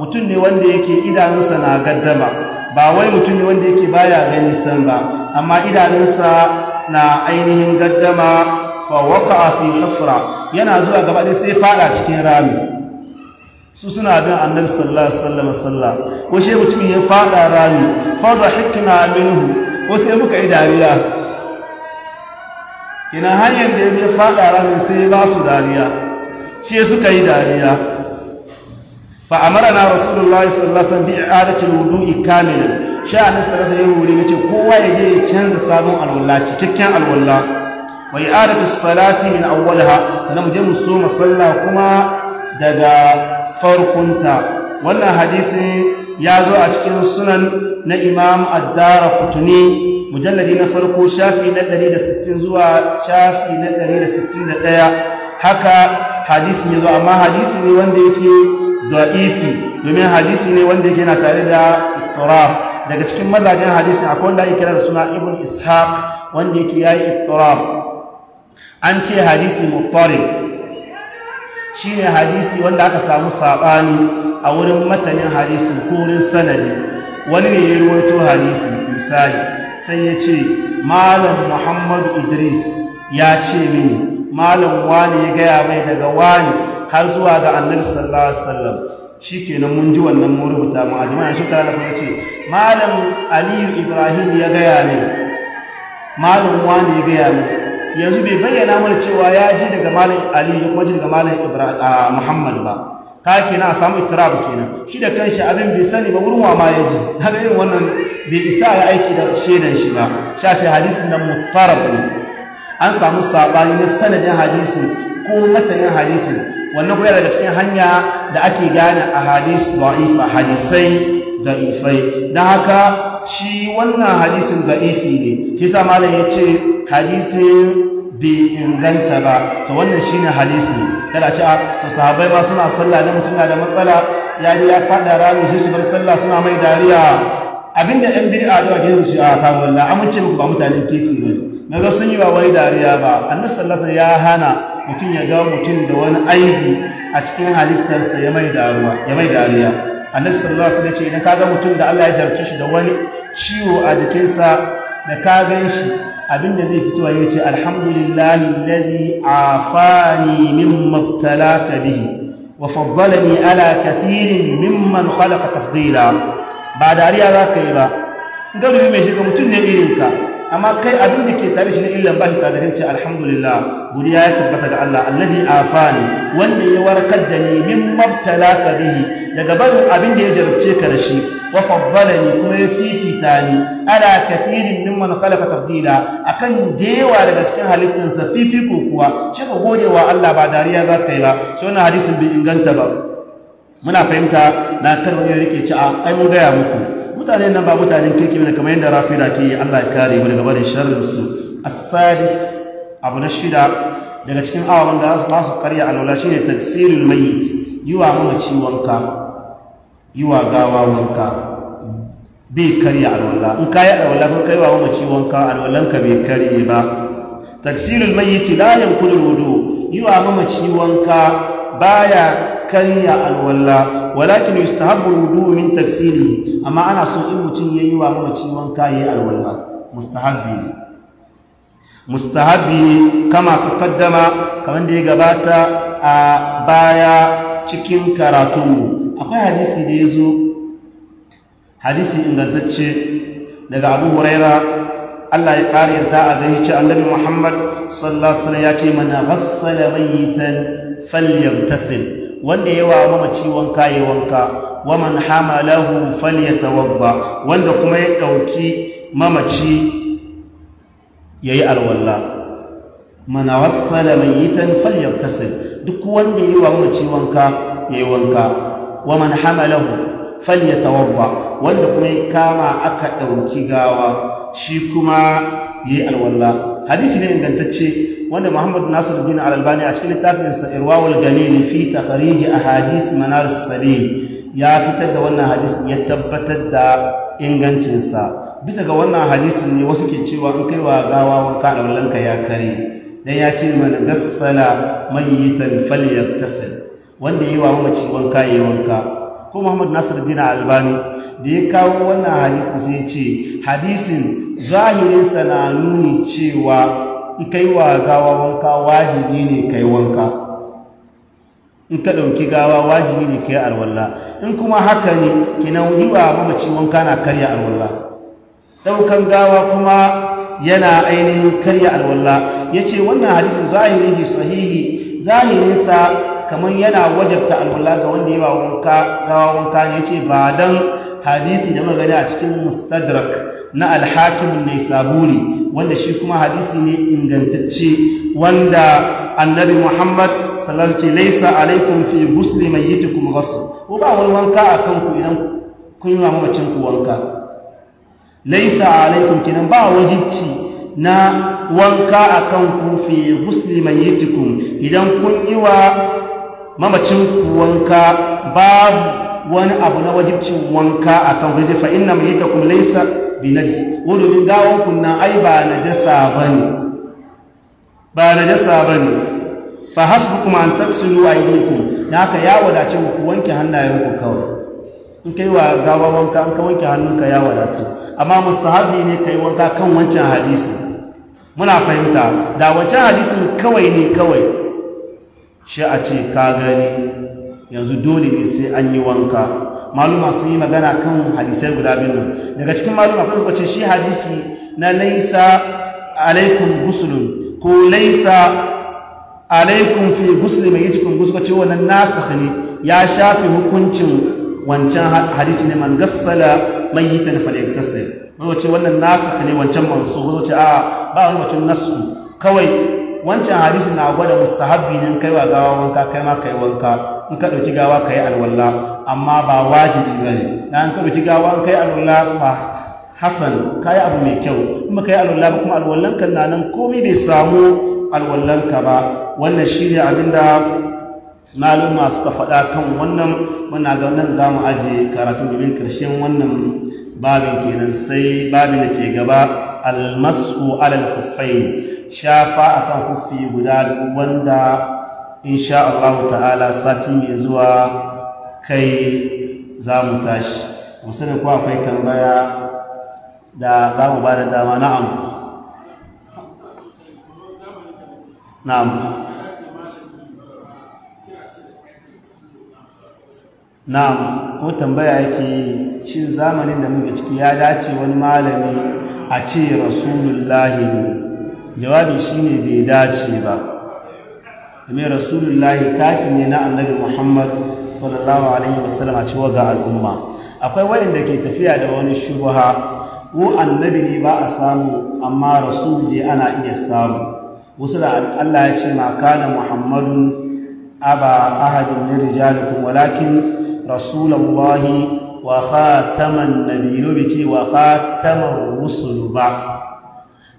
mutum ne wanda yake idanunsa na gaddama ba wai mutum ne wanda yake baya gani san ba amma idanunsa na ainihin gaddama fa waqa'a fi hufra yana zuwa gaba ɗaya sai fada cikin rami su suna bin annabi sallallahu alaihi wasallam washe mutumin ya fada rami fa dhahikna minhu wasai muka yi dariya kina hanyar da ya faɗa ramin sai ba su dariya shi suka yi dariya fa amara na rasulullahi sallallahu alaihi wasallam bi i'adatil wudu'i kamilan sha annabi sallallahu alaihi wasallam yace kowa ya je ya canza sabon alwala cikakken alwala wa i'adatis salati min awwalaha sannan mu je mu so masalla kuma daga farkunta wannan hadisi ya zo a cikin sunan na imam ad-darqutni mujalladi na farko shafi na 160 zuwa shafi na 161 haka hadisi ne zo amma hadisi ne wanda yake da'ifi domin hadisi ne wanda yake na tare da ittirab daga cikin mazajen hadisi akwai wanda ake kira da suna ibn ishaq wanda yake yayi ittirab an ce hadisi muttarib shine hadisi wanda aka samu sabani a wurin matanin hadisi ko wurin sanadi wani ne ya ruwaito hadisi misali sai ya ce malam muhammadu idris ya ce mini malam wani ya gaya mai daga wani har zuwa ga annabi sallallahu alaihi wasallam shikenan mun ji wannan mun rubuta mu ajima ya ta da ce malam aliyu ibrahim ya gaya ne malam wani ya gaya ne yanzu bai bayyana mana cewa ya ji daga malam aliyu ya kuma ji daga malam ibrahim ah, muhammad ba ka kenan a samu itirab kenan shi da kanshi abin bai sani ba wurin wama yaji haka irin wannan bai isa ya aiki da shedan shi ba sha ce hadisin nan muttarab ne an samu sabani na sanadin hadisi ko matanin hadisi wannan kuma daga cikin hanya da ake gane a hadis da'ifa hadisai da'ifai don haka shi wannan hadisin da'ifi ne shi sa malam ya ce hadisin bai inganta ba to wannan shine hadisi kada ce a so sahabbai ba suna sallah da mutum na da matsala ya ji ya fada ranu shi su bar sallah suna mai dariya abinda yan a da wajen shi a ah, kan wallah amince muku ba mutanen kiki ba naga sun yi ba wai dariya ba annabi sallallahu ya hana mutum ya ga mutum da wani aibi a cikin halittarsa ya mai daruwa ya mai dariya annabi sallallahu alaihi ya ce idan ka ga mutum da Allah ya jarce shi da wani ciwo a jikinsa da ka gan shi abinda zai fitowa ya ce alhamdulillahi alladhi afani mimma ka bihi wa ni ala kathirin mimman khalaqa tafdila ba dariya za ka yi ba garubi mai shiga mutum ne irinka amma kai abin da ke tare shi na illan ba shi tare da ce alhamdulillah guri ya tabbata ga Allah allazi afani wanda ya warkar da ni min mabtalaka bihi daga barin abin da ya jarabce ka da shi wa faddalani kuma ya fifita ni ala kathirin mimman khalaqa tafdila akan dewa daga cikin fifi fifiko kuwa shi ka godewa Allah ba dariya za kai ba shi wannan hadisin bai inganta ba muna fahimta na kan wani yake ci a ai mu gaya muku mutane nan ba mutanen kirki ne kamar yadda da ke yi Allah ya kare mu daga barin sharrin su as-sadis abu na shida daga cikin awa da ba su karya alwala shi ne shine taksirul Yi wa mamaci wanka yi wa gawa wanka bai karya alwala in yi alwala ko kai wa mamaci wanka alwalan ka bai karye ba taksirul mayyit la yanqulu wudu wa mamaci wanka baya karya alwalla walakin yustahabbu wudu min taksilihi amma ana so in mutum yayi wa mamaci wanka yayi alwalla mustahabbi mustahabbi kama taqaddama kaman da ya gabata a baya cikin karatunmu akwai hadisi da yazo hadisi ingantacce daga Abu Huraira Allah ya kare yarda a gare shi Annabi Muhammad sallallahu alaihi wasallam ya ce mana ghassala mayitan falyagtasil wanda ya wa mamaci wanka ya wanka wa man hamalahu falyatawadda wanda kuma ya dauki mamaci yayi alwalla man wassala mayitan falyabtasil duk wanda ya wa mamaci wanka yayi wanka wa man hamalahu falyatawadda wanda kuma ya kama aka dauki gawa shi kuma yayi alwalla hadisi ne ingantacce wanda Muhammad Nasiruddin Al-Albani a cikin littafin sa Irwaul Galil fi takhrij hadisi manar sabil ya fitar da wannan hadisin ya tabbatar da ingancinsa. sa bisa ga wannan hadisin ne wasu ke cewa in kaiwa gawa wanka daulanka ya kare dan ya ce mana gassala mayyitan falyaktasil wanda yi wa mamaci wanka yayi wanka ko Muhammad Nasiruddin Albani da ya kawo wannan hadisin sai ya ce hadisin zahirin nuni cewa in kai wa gawa wanka wajibi ne kai wanka in ka ɗauki gawa wajibi ne kai alwalla in kuma haka ne na wuyi wa mace wanka na karya alwalla ɗaukan gawa kuma yana ainihin karya alwala ya ce wannan hadisin zahiri sahihi zahirinsa kamar yana wajabta alwalla ga wanda yi wa wanka gawa wanka ne ya ce ba don hadisi da magana a cikin mustadrak na alhakim mai saburi wanda shi kuma hadisi ne ingantacce wanda annabi muhammad sallallahu alaihi laisa alaikum fi gusli mayyitikum ghusl ko ba wani wanka a kanku idan kun yi mamacin ku wanka laisa alaikum kinan ba wajibci na wanka a kanku fi gusli mayyitikum idan kun yi wa mamacin ku wanka babu wani abu na wajibcin wanka a kan wajifa inna mayyitakum laisa najis ko domin gawon kunna ai ba najasa bane ba najasa bane fa hasbukum an taksilu aydikum da haka ya wadace ku wanke hannayenku kawai in kai wa gawa wanka an ka wanke hannunka ya wadatu amma musahabi ne kai wanka kan wancan hadisi muna fahimta da wancan hadisin kawai ne kawai shi a ce ka gani yanzu dole ne sai an yi wanka maluma sun yi magana kan hadisai guda biyu nan daga cikin maluma kuma suka ce shi hadisi na laisa alaikum gusulun ko laisa alaikum fi gusli mai yitikun gusu ka ce wannan nasa ne ya shafi hukuncin wancan hadisi ne man gassala mai yitan falyaktasir ko ce wannan nasa ne wancan mansu ko ce a ba a batun nasu kawai wancan hadisi na gwada mustahabbi ne kai wa gawa wanka kai ma kai wanka in ka ɗauki gawa ka yi alwallah amma ba wajibi ba ne na an karuci gawa kai alwala hasan kayi abu mai kyau in kuma kai alwala kuma alwallanka na nan komai bai samu alwallanka ba wannan shine abinda maluma suka faɗa kan wannan muna ga nan za mu aje karatu domin karshen wannan babin kenan sai babin da ke gaba almasu alal huffai shafa akan kufi guda wanda insha Allah ta'ala sati mai zuwa kai za mu tashi musulun kuwa akwai tambaya da za mu ba da dama na'am na'am na'am ko tambaya yake shin zamanin da muke ciki ya dace wani malami a ce rasulullahi ne jawabi ne bai dace ba domin rasulullahi taki ne na annabi muhammad sallallahu alaihi wasallam a cewa ga al'umma akwai waɗanda ke tafiya da wani shubuha ko annabi ne ba a samu amma rasul je ana iya samu wasu da Allah ya ce ma kana muhammadun aba ahadin min rijalikum walakin rasulullahi wa khataman nabiyyu bi ce wa khataman rusul ba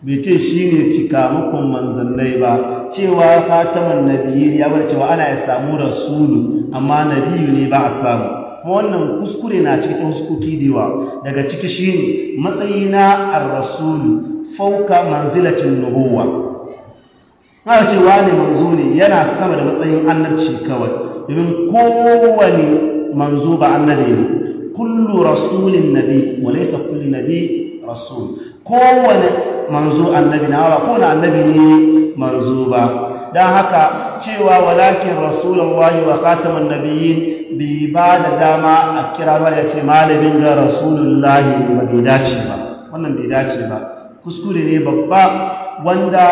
bai ce shi ne cikamakon manzannai ba cewa khataman nabiyyi ya bar cewa ana ya samu rasulu amma nabiyu ne ba a samu kuma wannan kuskure na cikin huskoki diwa daga ciki shine matsayi na ar-rasulu fauka manzilatin nubuwa na cewa ne manzo ne yana sama da matsayin annabci kawai domin kowane manzo ba annabi ne kullu rasulin nabi wa laysa kullu nabi rasul kowane manzo annabi na ba kowane annabi ne manzo ba don haka cewa walakin rasulullahi wa khataman nabiyyin bi ba da dama a kira ba ya ce malamin ga rasulullahi ne ba bai dace ba wannan bai dace ba kuskure ne babba wanda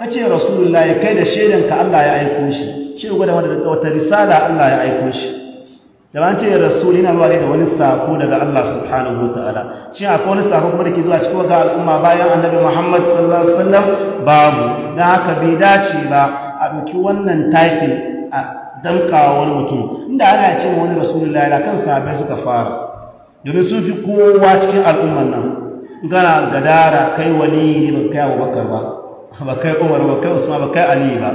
kace rasulullahi kai da shaidan ka Allah ya aiko shi shi gwada wata risala Allah ya aiko shi da ban ce rasul yana zuwa ne da wani sako daga Allah subhanahu wa ta'ala. shin akwai wani sako kuma da ke zuwa cikin ga al'umma bayan annabi Muhammad sallallahu alaihi wasallam babu Na haka bai dace ba a ɗauki wannan takin a damkawa wani mutum inda ana ce wani rasulullahi da kan sabai suka fara domin sun fi kowa cikin al'ummar nan gana gadara kai wani ne ba kai abubakar ba ba kai umar ba kai usman ba kai ali ba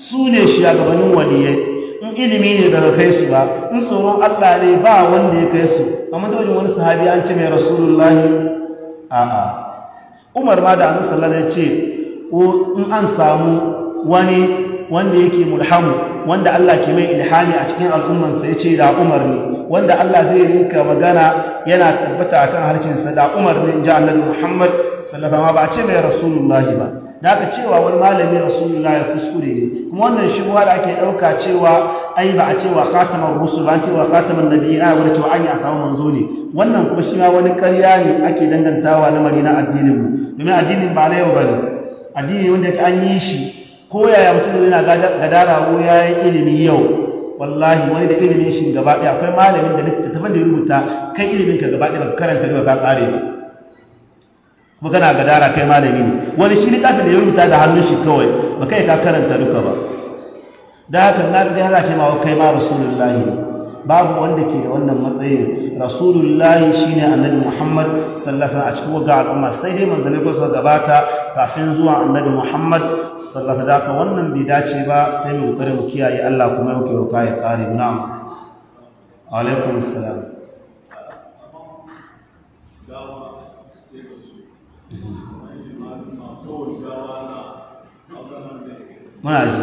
su ne shugabannin waliyai in ilimi ne daga kai su ba in tsoron Allah ne ba wanda ya kai su amma ta wajen wani sahabi an ce mai rasulullahi a'a umar ma da annabi sallallahu alaihi ce in an samu wani wanda yake mulhamu wanda Allah ke mai ilhami a cikin al'ummansa ya ce da umar ne wanda Allah zai rinka magana yana tabbata a kan sa da umar ne ji annabi muhammad sallallahu ba a ce mai rasulullahi ba da aka cewa wani malami rasulullah ya kuskure ne kuma wannan shigowa da ake ɗauka cewa ai ba a cewa khataman rusul ba cewa khataman nabiyyi na wani cewa an yi a samu manzo ne wannan kuma shi ma wani karya ne ake dangantawa lamari na addinin mu domin addinin ba na yau ba ne addini wanda ake an yi shi ko yaya mutum zai na gadara ko ya yi ilimi yau wallahi wani da ilimin shi gaba ɗaya akwai malamin da littattafan da ya rubuta kai ilimin ka gaba ɗaya ba karanta ne ba ka ƙare ba kuma kana gadara kai malami ne wani shi littafin da ya rubuta da hannun shi kawai ba kai ka karanta duka ba da haka na ga ya zace ma kai ma rasulullahi ne babu wanda ke da wannan matsayin rasulullahi shine annabi muhammad sallallahu alaihi a cikin waga al'umma sai dai manzanni ko suka gabata kafin zuwa annabi muhammad sallallahu alaihi wasallam wannan bai dace ba sai mu kokari mu kiyaye Allah kuma muke roka ya kare mu na'am alaikum assalam muna ji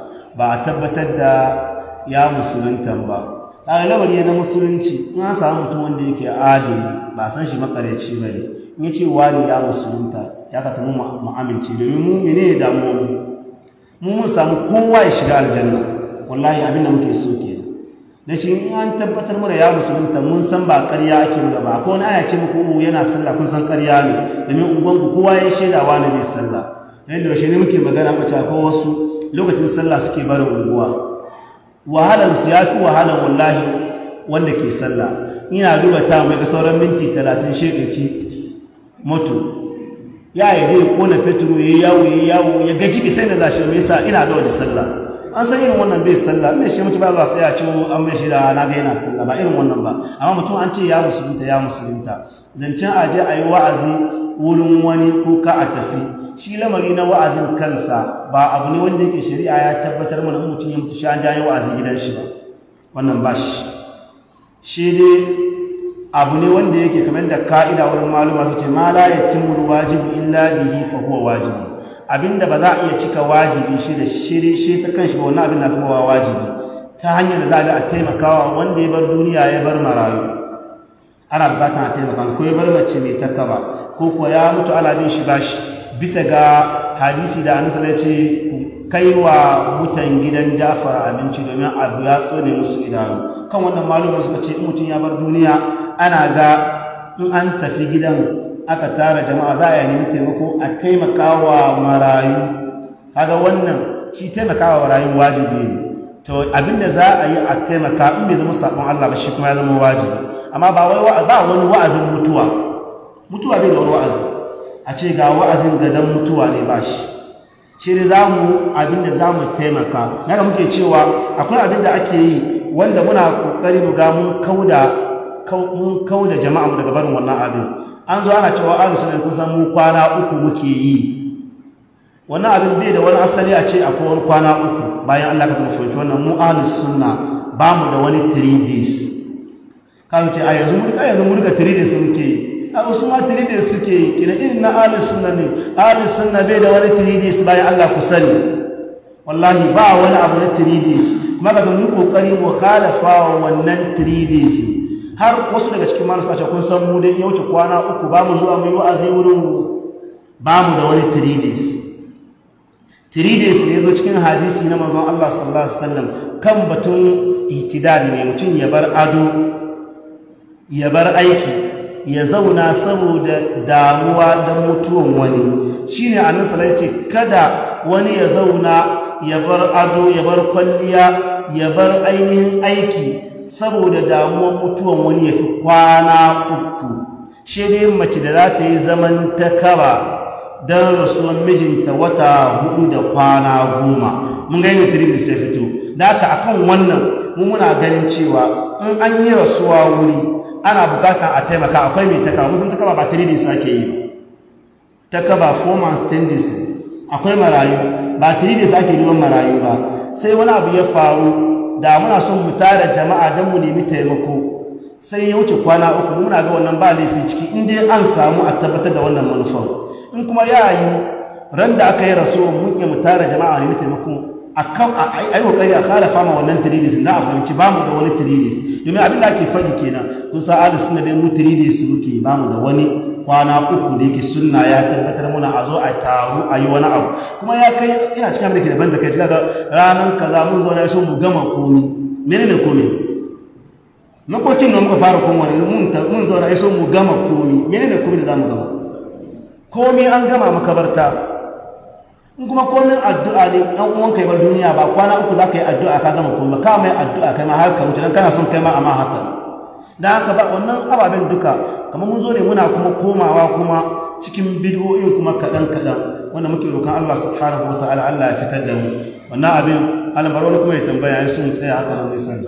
ba a tabbatar da ya musulunta ba a lamari na musulunci in an samu mutum wanda yake adini ba san shi makarici ba ne in ya ce wani ya musulunta ya ka tamu domin mu mene da mu mu mun samu kowa ya shiga aljanna wallahi abin da muke so ke da shi in an tabbatar mana ya musulunta mun san ba karya ake nuna ba ko wani ana ce muku yana sallah kun san karya ne domin unguwanku kowa ya shaidawa na bai sallah yadda yaushe ne muke magana ba ko wasu lokacin sallah suke barin unguwa wahalarsu ya fi wahalar wallahi wanda ke sallah ina duba ta mai ga sauran minti talatin shekaki moto ya yi dai kona fetro ya yawo ya yawo ya gaji bi sai da zashi mai sa ina da wani sallah an san irin wannan bai sallah mai shi mutu ba za su ya ce an mai shi da na ga yana sallah ba irin wannan ba amma mutum an ce ya musulunta ya musulunta zancen aje a yi wa'azi wurin wani ko ka a tafi shi lamari na wa'azin kansa ba abu ne wanda yake shari'a ya tabbatar mana mutum ya mutu shi an wa'azin gidan shi ba wannan ba shi shi dai abu ne wanda yake kamar da ka'ida wurin maluma su ce ma la yatimul wajibu illa bihi fa huwa wajibu abinda ba za a iya cika wajibi shi da shiri shi ta kanshi ba wannan abin na zama wajibi ta hanyar da za a bi a taimakawa wanda ya bar duniya ya bar marayu ana bukatar a taimaka ko ya bar mace mai takaba ko kuwa ya mutu ana bin shi bashi bisa ga hadisi da an sanar ce kai wa mutan gidan jafar abinci domin abu ya ne musu idanu kan wannan maluma suka ce in mutum ya bar duniya ana ga in an tafi gidan aka tara jama'a za a yi nemi taimako a taimakawa marayu kaga wannan shi taimakawa marayu wajibi ne to abinda za a yi a taimaka in bai zama sabon Allah ba shi kuma ya zama wajibi amma ba wani wa'azin mutuwa mutuwa bai da wani wa'azin. a ce ga wa'azin ga don mutuwa ne ba shi shi ne za mu abinda za mu taimaka daga muke cewa akwai abinda ake yi wanda muna kokari mu ga mun kauda jama'a mu daga barin wannan abin an zo ana cewa ahlus sunna kusan mu kwana uku muke yi wannan abin bai da wani asali a ce akwai wani kwana uku bayan Allah ka fahimci wannan mu an suna ba mu da wani 3 days kawo ce a yanzu mu mu 3 days muke yi a ma tirides suke kina irin na ahlus sunna ne ahlus bai da wani tirides bayan Allah ku sani wallahi ba wani abu na 3 kuma ka mu kokari mu khalafa wannan tirides har wasu daga cikin manufa ce kun san mu dai ya wuce kwana uku ba mu zuwa mu yi wa'azi wurin mu ba mu da wani tirides tirides ne zo cikin hadisi na manzon Allah sallallahu alaihi wasallam kan batun itidal ne mutum ya bar ado ya bar aiki ya zauna saboda damuwa don mutuwan wani shi ne annisala ya ce kada wani ya zauna ya bar ado ya bar kwalliya ya bar ainihin aiki saboda damuwan mutuwan wani ya fi kwana uku shi dai mace da za ta yi zaman ta kaba don rasuwan mijinta wata hudu da kwana goma mun ga da tiridis ya fito da haka akan wannan mun muna ganin cewa in an yi rasuwa wuri ana bukata a taimaka akwai mai taka musun taka ba ba 3 sake yi ba taka ba 4 months 10 akwai marayu ba 3 days ake neman marayu ba sai wani abu ya faru da muna son mu tara jama'a don mu nemi taimako sai ya wuce kwana uku muna ga wannan ba laifi ciki in dai an samu a tabbatar da wannan manufa in kuma ya yi ran da aka yi rasuwa mun iya mu tara jama'a nemi taimako a kan a yi kokari a khalafa ma wannan tridis na a fahimci ba mu da wani tridis domin abin da ake fadi kenan kun sa ahli sunna dai mu tridis muke ba mu da wani kwana uku da yake sunna ya tabbatar muna a zo a taru a yi wani abu kuma ya kai ina cikin abin da ke daban da kai ga ranar kaza mun zauna so mu gama komi ne komi lokacin da muka fara kuma wani mun zauna ya so mu gama komi ne komi da za mu gama komi an gama makabarta in kuma komin addu'a ne ɗan uwan kai ba duniya ba kwana uku za ka yi addu'a ka gama kuma ka mai addu'a kai ma haka mutu dan kana son kai ma ma haka da haka ba wannan ababen duka kamar mun zo ne muna kuma komawa kuma cikin bid'o'in kuma kaɗan kaɗan wanda muke roƙon Allah su wa ta'ala Allah ya fitar da mu wannan abin alamarwar kuma ya tambaya ya sun tsaya haka nan nisan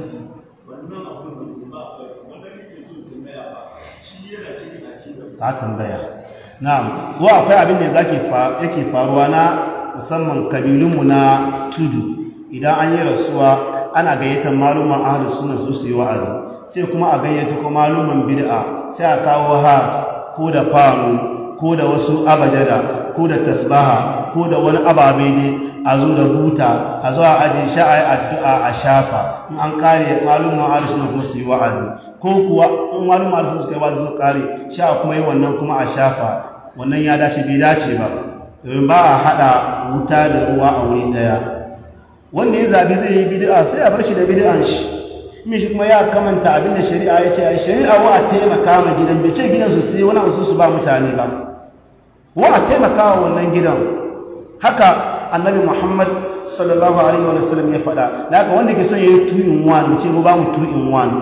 tambaya ba shi ta tambaya na'am ko akwai abin da yake faruwa na musamman kabilunmu na tudu idan an yi rasuwa ana gayyatar maluman ahlus suna su yi wa'azi sai kuma a gayyato ko malumman bid'a sai a kawo has ko da faru ko da wasu abajada ko da tasbaha ko da wani ababe ne a zo da buta a zo a ajiye shi a addu'a a shafa in an kare malumman arsuna kuma su yi wa'azi ko kuwa in malumman arsuna suka yi wa'azi su kare shi a kuma yi wannan kuma a shafa wannan ya dace bai dace ba domin ba a haɗa wuta da ruwa a wuri ɗaya wanda ya zabi zai yi bid'a sai a bar shi da bid'an shi min shi kuma ya kamanta abin da shari'a ya ce a shari'a wa a taimaka ma gidan bai ce gidan su sai wani abu su ba mutane ba wa a taimaka wa wannan gidan haka annabi muhammad sallallahu alaihi wa sallam ya faɗa da haka wanda ke son ya yi tu'in wani, mace mu ba mu tu'in wani.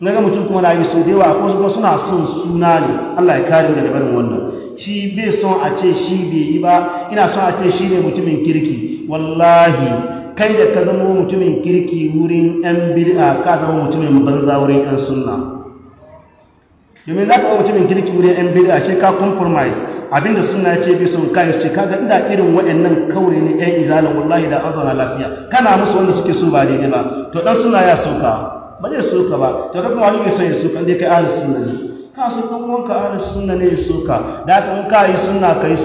one mutum kuma na yi so da yawa ko kuma suna son suna ne allah ya kare daga barin wannan shi bai son a ce shi bai yi ba ina son a ce shi ne mutumin kirki wallahi kai da ka zama mutumin kirki wurin yan bid'a ka zama mutumin banza wurin yan sunna domin za ka ba mutumin kirki wurin yan bid'a shi ka compromise abinda suna ce bi sun kayan ce kaga inda irin waɗannan kauri ne yan izalin wallahi da an zauna lafiya kana musu wanda suke so ba daidai ba to dan suna ya soka ba zai soka ba to kaga wani ke son ya soka dai kai ahlus sunna ne ka ɗan wanka a ahli suna ne su ka da haka in ka yi suna kai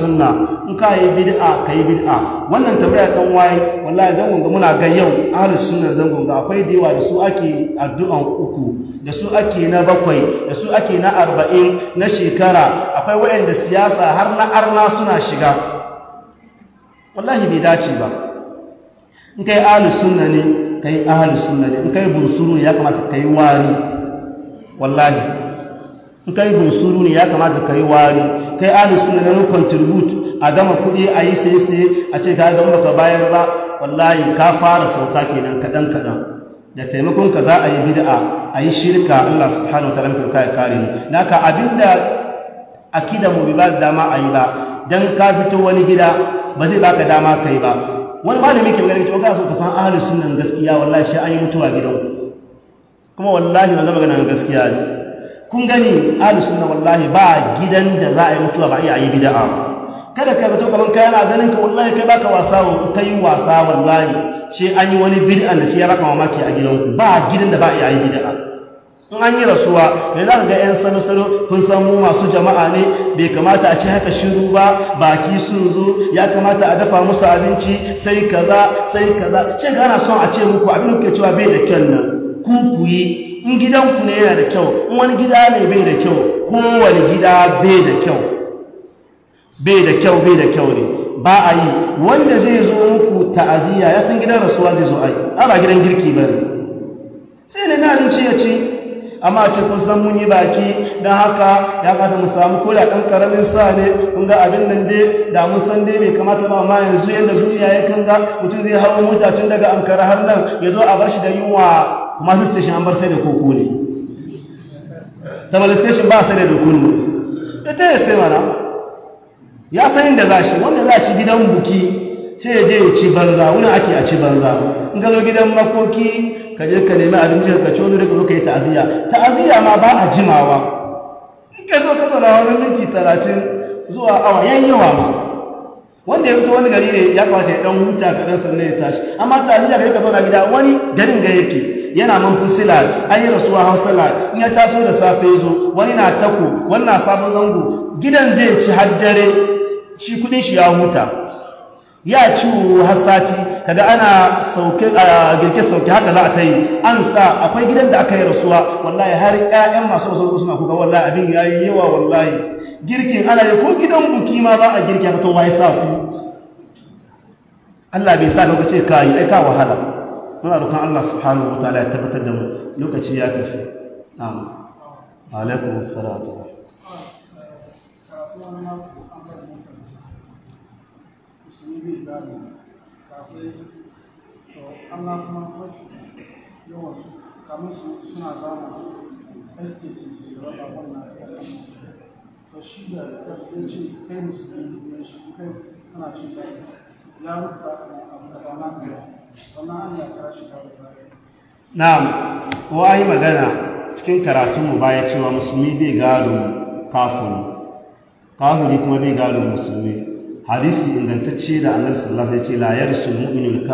kayi bid'a ka yi bid'a wannan tambaya ɗan waye wallahi zangon ga muna ga yau a ahli suna zangon ga akwai da yawa da su ake addu'an uku da su ake na bakwai da su ake na arba'in na shekara akwai wayanda siyasa har na arna suna shiga wallahi bai dace ba in kai ahli sunna ne kai sunna ne in kai bunsuru ya kamata kai wari wallahi in kai bunsuru ne ya kamata ka wari kai ahlus sunna ne contribute a gama kuɗi a yi sai sai a ce ka ga baka bayar ba wallahi ka fara sauka kenan kaɗan kaɗan da taimakon ka za a yi bid'a a yi shirka Allah subhanahu wa ta'ala ka kare mu naka abinda akida mu ba dama a yi ba dan ka fito wani gida ba zai baka dama kai ba wani malami ke magana cewa kana so ka san ahlus sunna gaskiya wallahi shi an yi mutuwa gidan kuma wallahi magana gaskiya ne kun gani ahlus sunna wallahi ba gidan da za a yi mutuwa ba iya yi bid'a ba kada ka zato kaman kai yana ganin ka wallahi kai baka wasa kai wasa wallahi shi an yi wani bid'a da shi ya raka mamaki a gidan ku? ba gidan da ba iya yi bid'a in an yi rasuwa me za ka ga 'yan sanu sanu kun san mu masu jama'a ne bai kamata a ci haka shiru ba baki sun zo ya kamata a dafa musu abinci sai kaza sai kaza shin ana son a ce muku abin da kuke cewa bai da kyan nan ku ku in gidanku ne yana da kyau in wani gida ne bai da kyau kowane gida bai da kyau bai da kyau bai da kyau ne ba a yi wanda zai zo muku ta'aziyya ya san gidan rasuwa zai zo a yi a ba gidan girki ba ne sai ne na abinci ya ci amma a cikin san mun yi baki don haka ya kata mu samu kula ɗan ƙaramin sa ne kun ga abin nan dai da mun san dai bai kamata ba amma yanzu yadda duniya ya kanga mutum zai hawo mota tun daga ankara har nan ya zo a bar shi da yunwa kuma su station an bar sai da koko ne tamale station ba sai da da ta ya sai mana ya san inda za shi wanda za shi gidan buki ce ya je ya ci banza wani ake a ci banza in ga zo gidan makoki ka je ka nemi abinci ka ci wani daga zo ka yi ta'aziyya ta'aziyya ma ba a jimawa in ka zo ka zauna wani minti talatin zuwa awa yayyawa ma wanda ya fito wani gari ne ya kawace ya dan huta kaɗan sannan ya tashi amma ta'aziyya hajjia gari ka zauna gida wani garin ga yake yana man fusila an yi rasuwa hausala in ya taso da safe zo wani na tako wani na sabon zango gidan zai ci haddare shi kudin shi ya huta ya ci hasati kaga ana sauke a girke sauke haka za a ta yi an sa akwai gidan da aka yi rasuwa wallahi har ƴaƴan masu rasuwa suna kuka wallahi abin ya yi yawa wallahi girkin ana yi ko gidan buki ma ba a girki haka to ya sa ku Allah bai sa ka ce ka yi ai ka wahala muna roƙon Allah subhanahu wa ta'ala ya tabbatar da lokaci ya tafi na'am alaikum assalatu suna da kai kana cin ya rubuta abu da ba na na'am kuwa ayi magana cikin karatunmu baya cewa musulmi bai gado kafiri kuma bai gado musulmi hadisi ingantacce da annabi sallallahu alaihi wasallam ya ce la yarsul mu'minul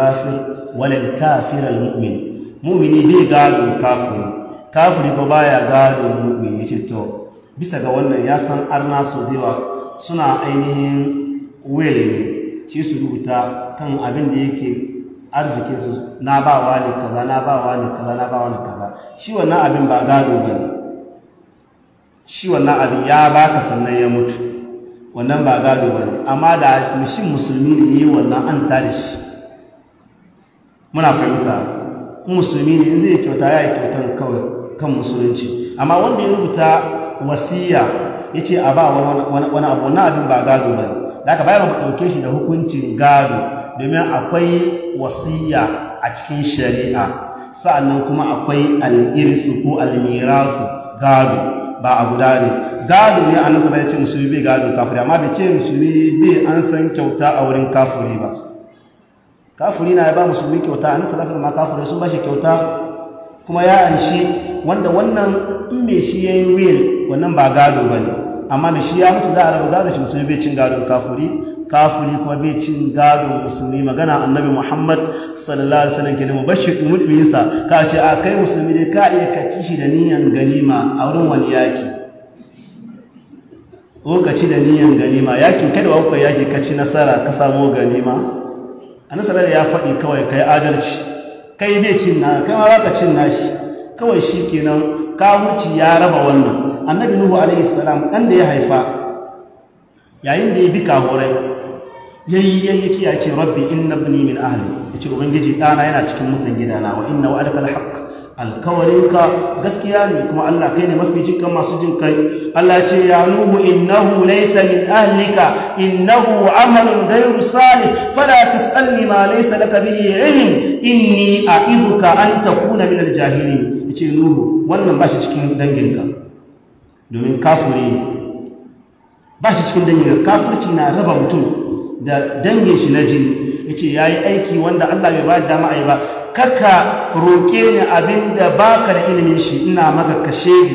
kafir wal mu'min mu'mini bai gado kafiri kafuri ko baya gado mu'mini ce to bisa ga wannan ya san arna su dewa suna ainihin wele ne shi su rubuta kan abin da yake arzikin su na ba wa ne kaza na ba wa ne kaza na ba wa ne kaza shi wannan abin ba gado ba ne shi wannan abin ya baka sannan ya mutu wannan ba gado ba ne amma da mishin musulmi ne yi wannan an ta da shi muna fahimta musulmi ne in zai kyauta ya yi kyautan kawai kan musulunci amma wanda ya rubuta wasiya ya ce a ba wani abu wannan abin ba gado ba ne da aka bayar mu ɗauke shi da hukuncin gado domin akwai wasiya a cikin shari'a sa'annan kuma akwai al'irfi ko almirasu gado ba a guda ne gado ne annabi sallallahu ya ce musulmi bai gado kafiri amma bai ce musulmi bai an san kyauta a wurin kafiri ba kafiri na ya ba musulmi kyauta annabi sallallahu alaihi wasallam kafiri sun ba shi kyauta kuma ya anshi wanda wannan in bai shi yayi will wannan ba gado bane amma mai shi ya mutu za a raba gado shi musulmi bai cin gadon kafuri kafuri kuma bai cin gadon musulmi magana annabi muhammad sallallahu alaihi wasallam kenan mubashir mudbinsa ka ce a kai musulmi dai ka iya kaci shi da niyan ganima a wurin wani yaki ko da niyan ganima yakin kai wa wakwai yaki ka ci nasara ka samu ganima a nasarar ya faɗi kawai kai adalci kai bai cin na kai ma za ka cin nashi kawai shi kenan kawuci ya raba wannan annabi nuhu alaihi salam dan da ya haifa yayin da ya bi kahurai yayi yayi kiya ce rabbi inna ibni min ahli yace ubangiji dana yana cikin mutan gidana wa inna wa'adaka alhaq alkawarinka gaskiya ne kuma Allah kai ne mafi jinka masu jin kai Allah ce ya nuhu innahu laysa min ahlika innahu amalun ghayru salih fala tasalni ma laysa laka bihi ilm inni a'idhuka an takuna min aljahilin ce nuhu wannan ba shi cikin danginka domin kafuri ne ba shi cikin danginka kafurci na raba mutum da dangin shi na jini ya ce ya yi aiki wanda allah bai ba da dama a yi ba kaka roƙe ni abin da ba ka da ilimin shi ina maka kashe ni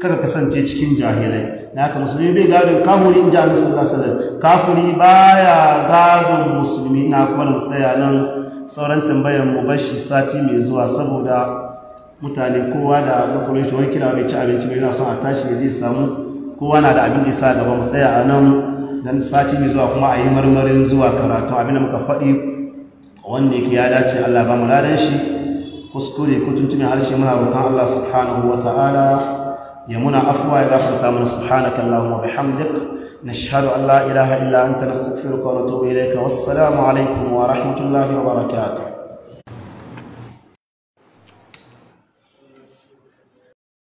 kaka kasance cikin jahilai na haka musulmi bai gado kafuri in ji sallallahu alaihi kafuri baya gado musulmi na kuma da tsaya nan sauran tambayar mu bashi sati mai zuwa saboda mutane kowa da matsalolin shi wani kira bai ci abinci bai yana son a tashi ya je samu kowa na da abin isa gaba mu tsaya a nan don sati mai zuwa kuma a yi marmarin zuwa karatu abin da muka faɗi wanda yake ya dace Allah ba mu ladan shi kuskure ko tuntuni harshe muna roƙon Allah subhanahu wa ta'ala ya muna afwa ya gafarta mana subhanaka allahumma wa bihamdik nashhadu an la ilaha illa anta nastaghfiruka wa natubu ilayka wassalamu alaikum wa rahmatullahi wa barakatuh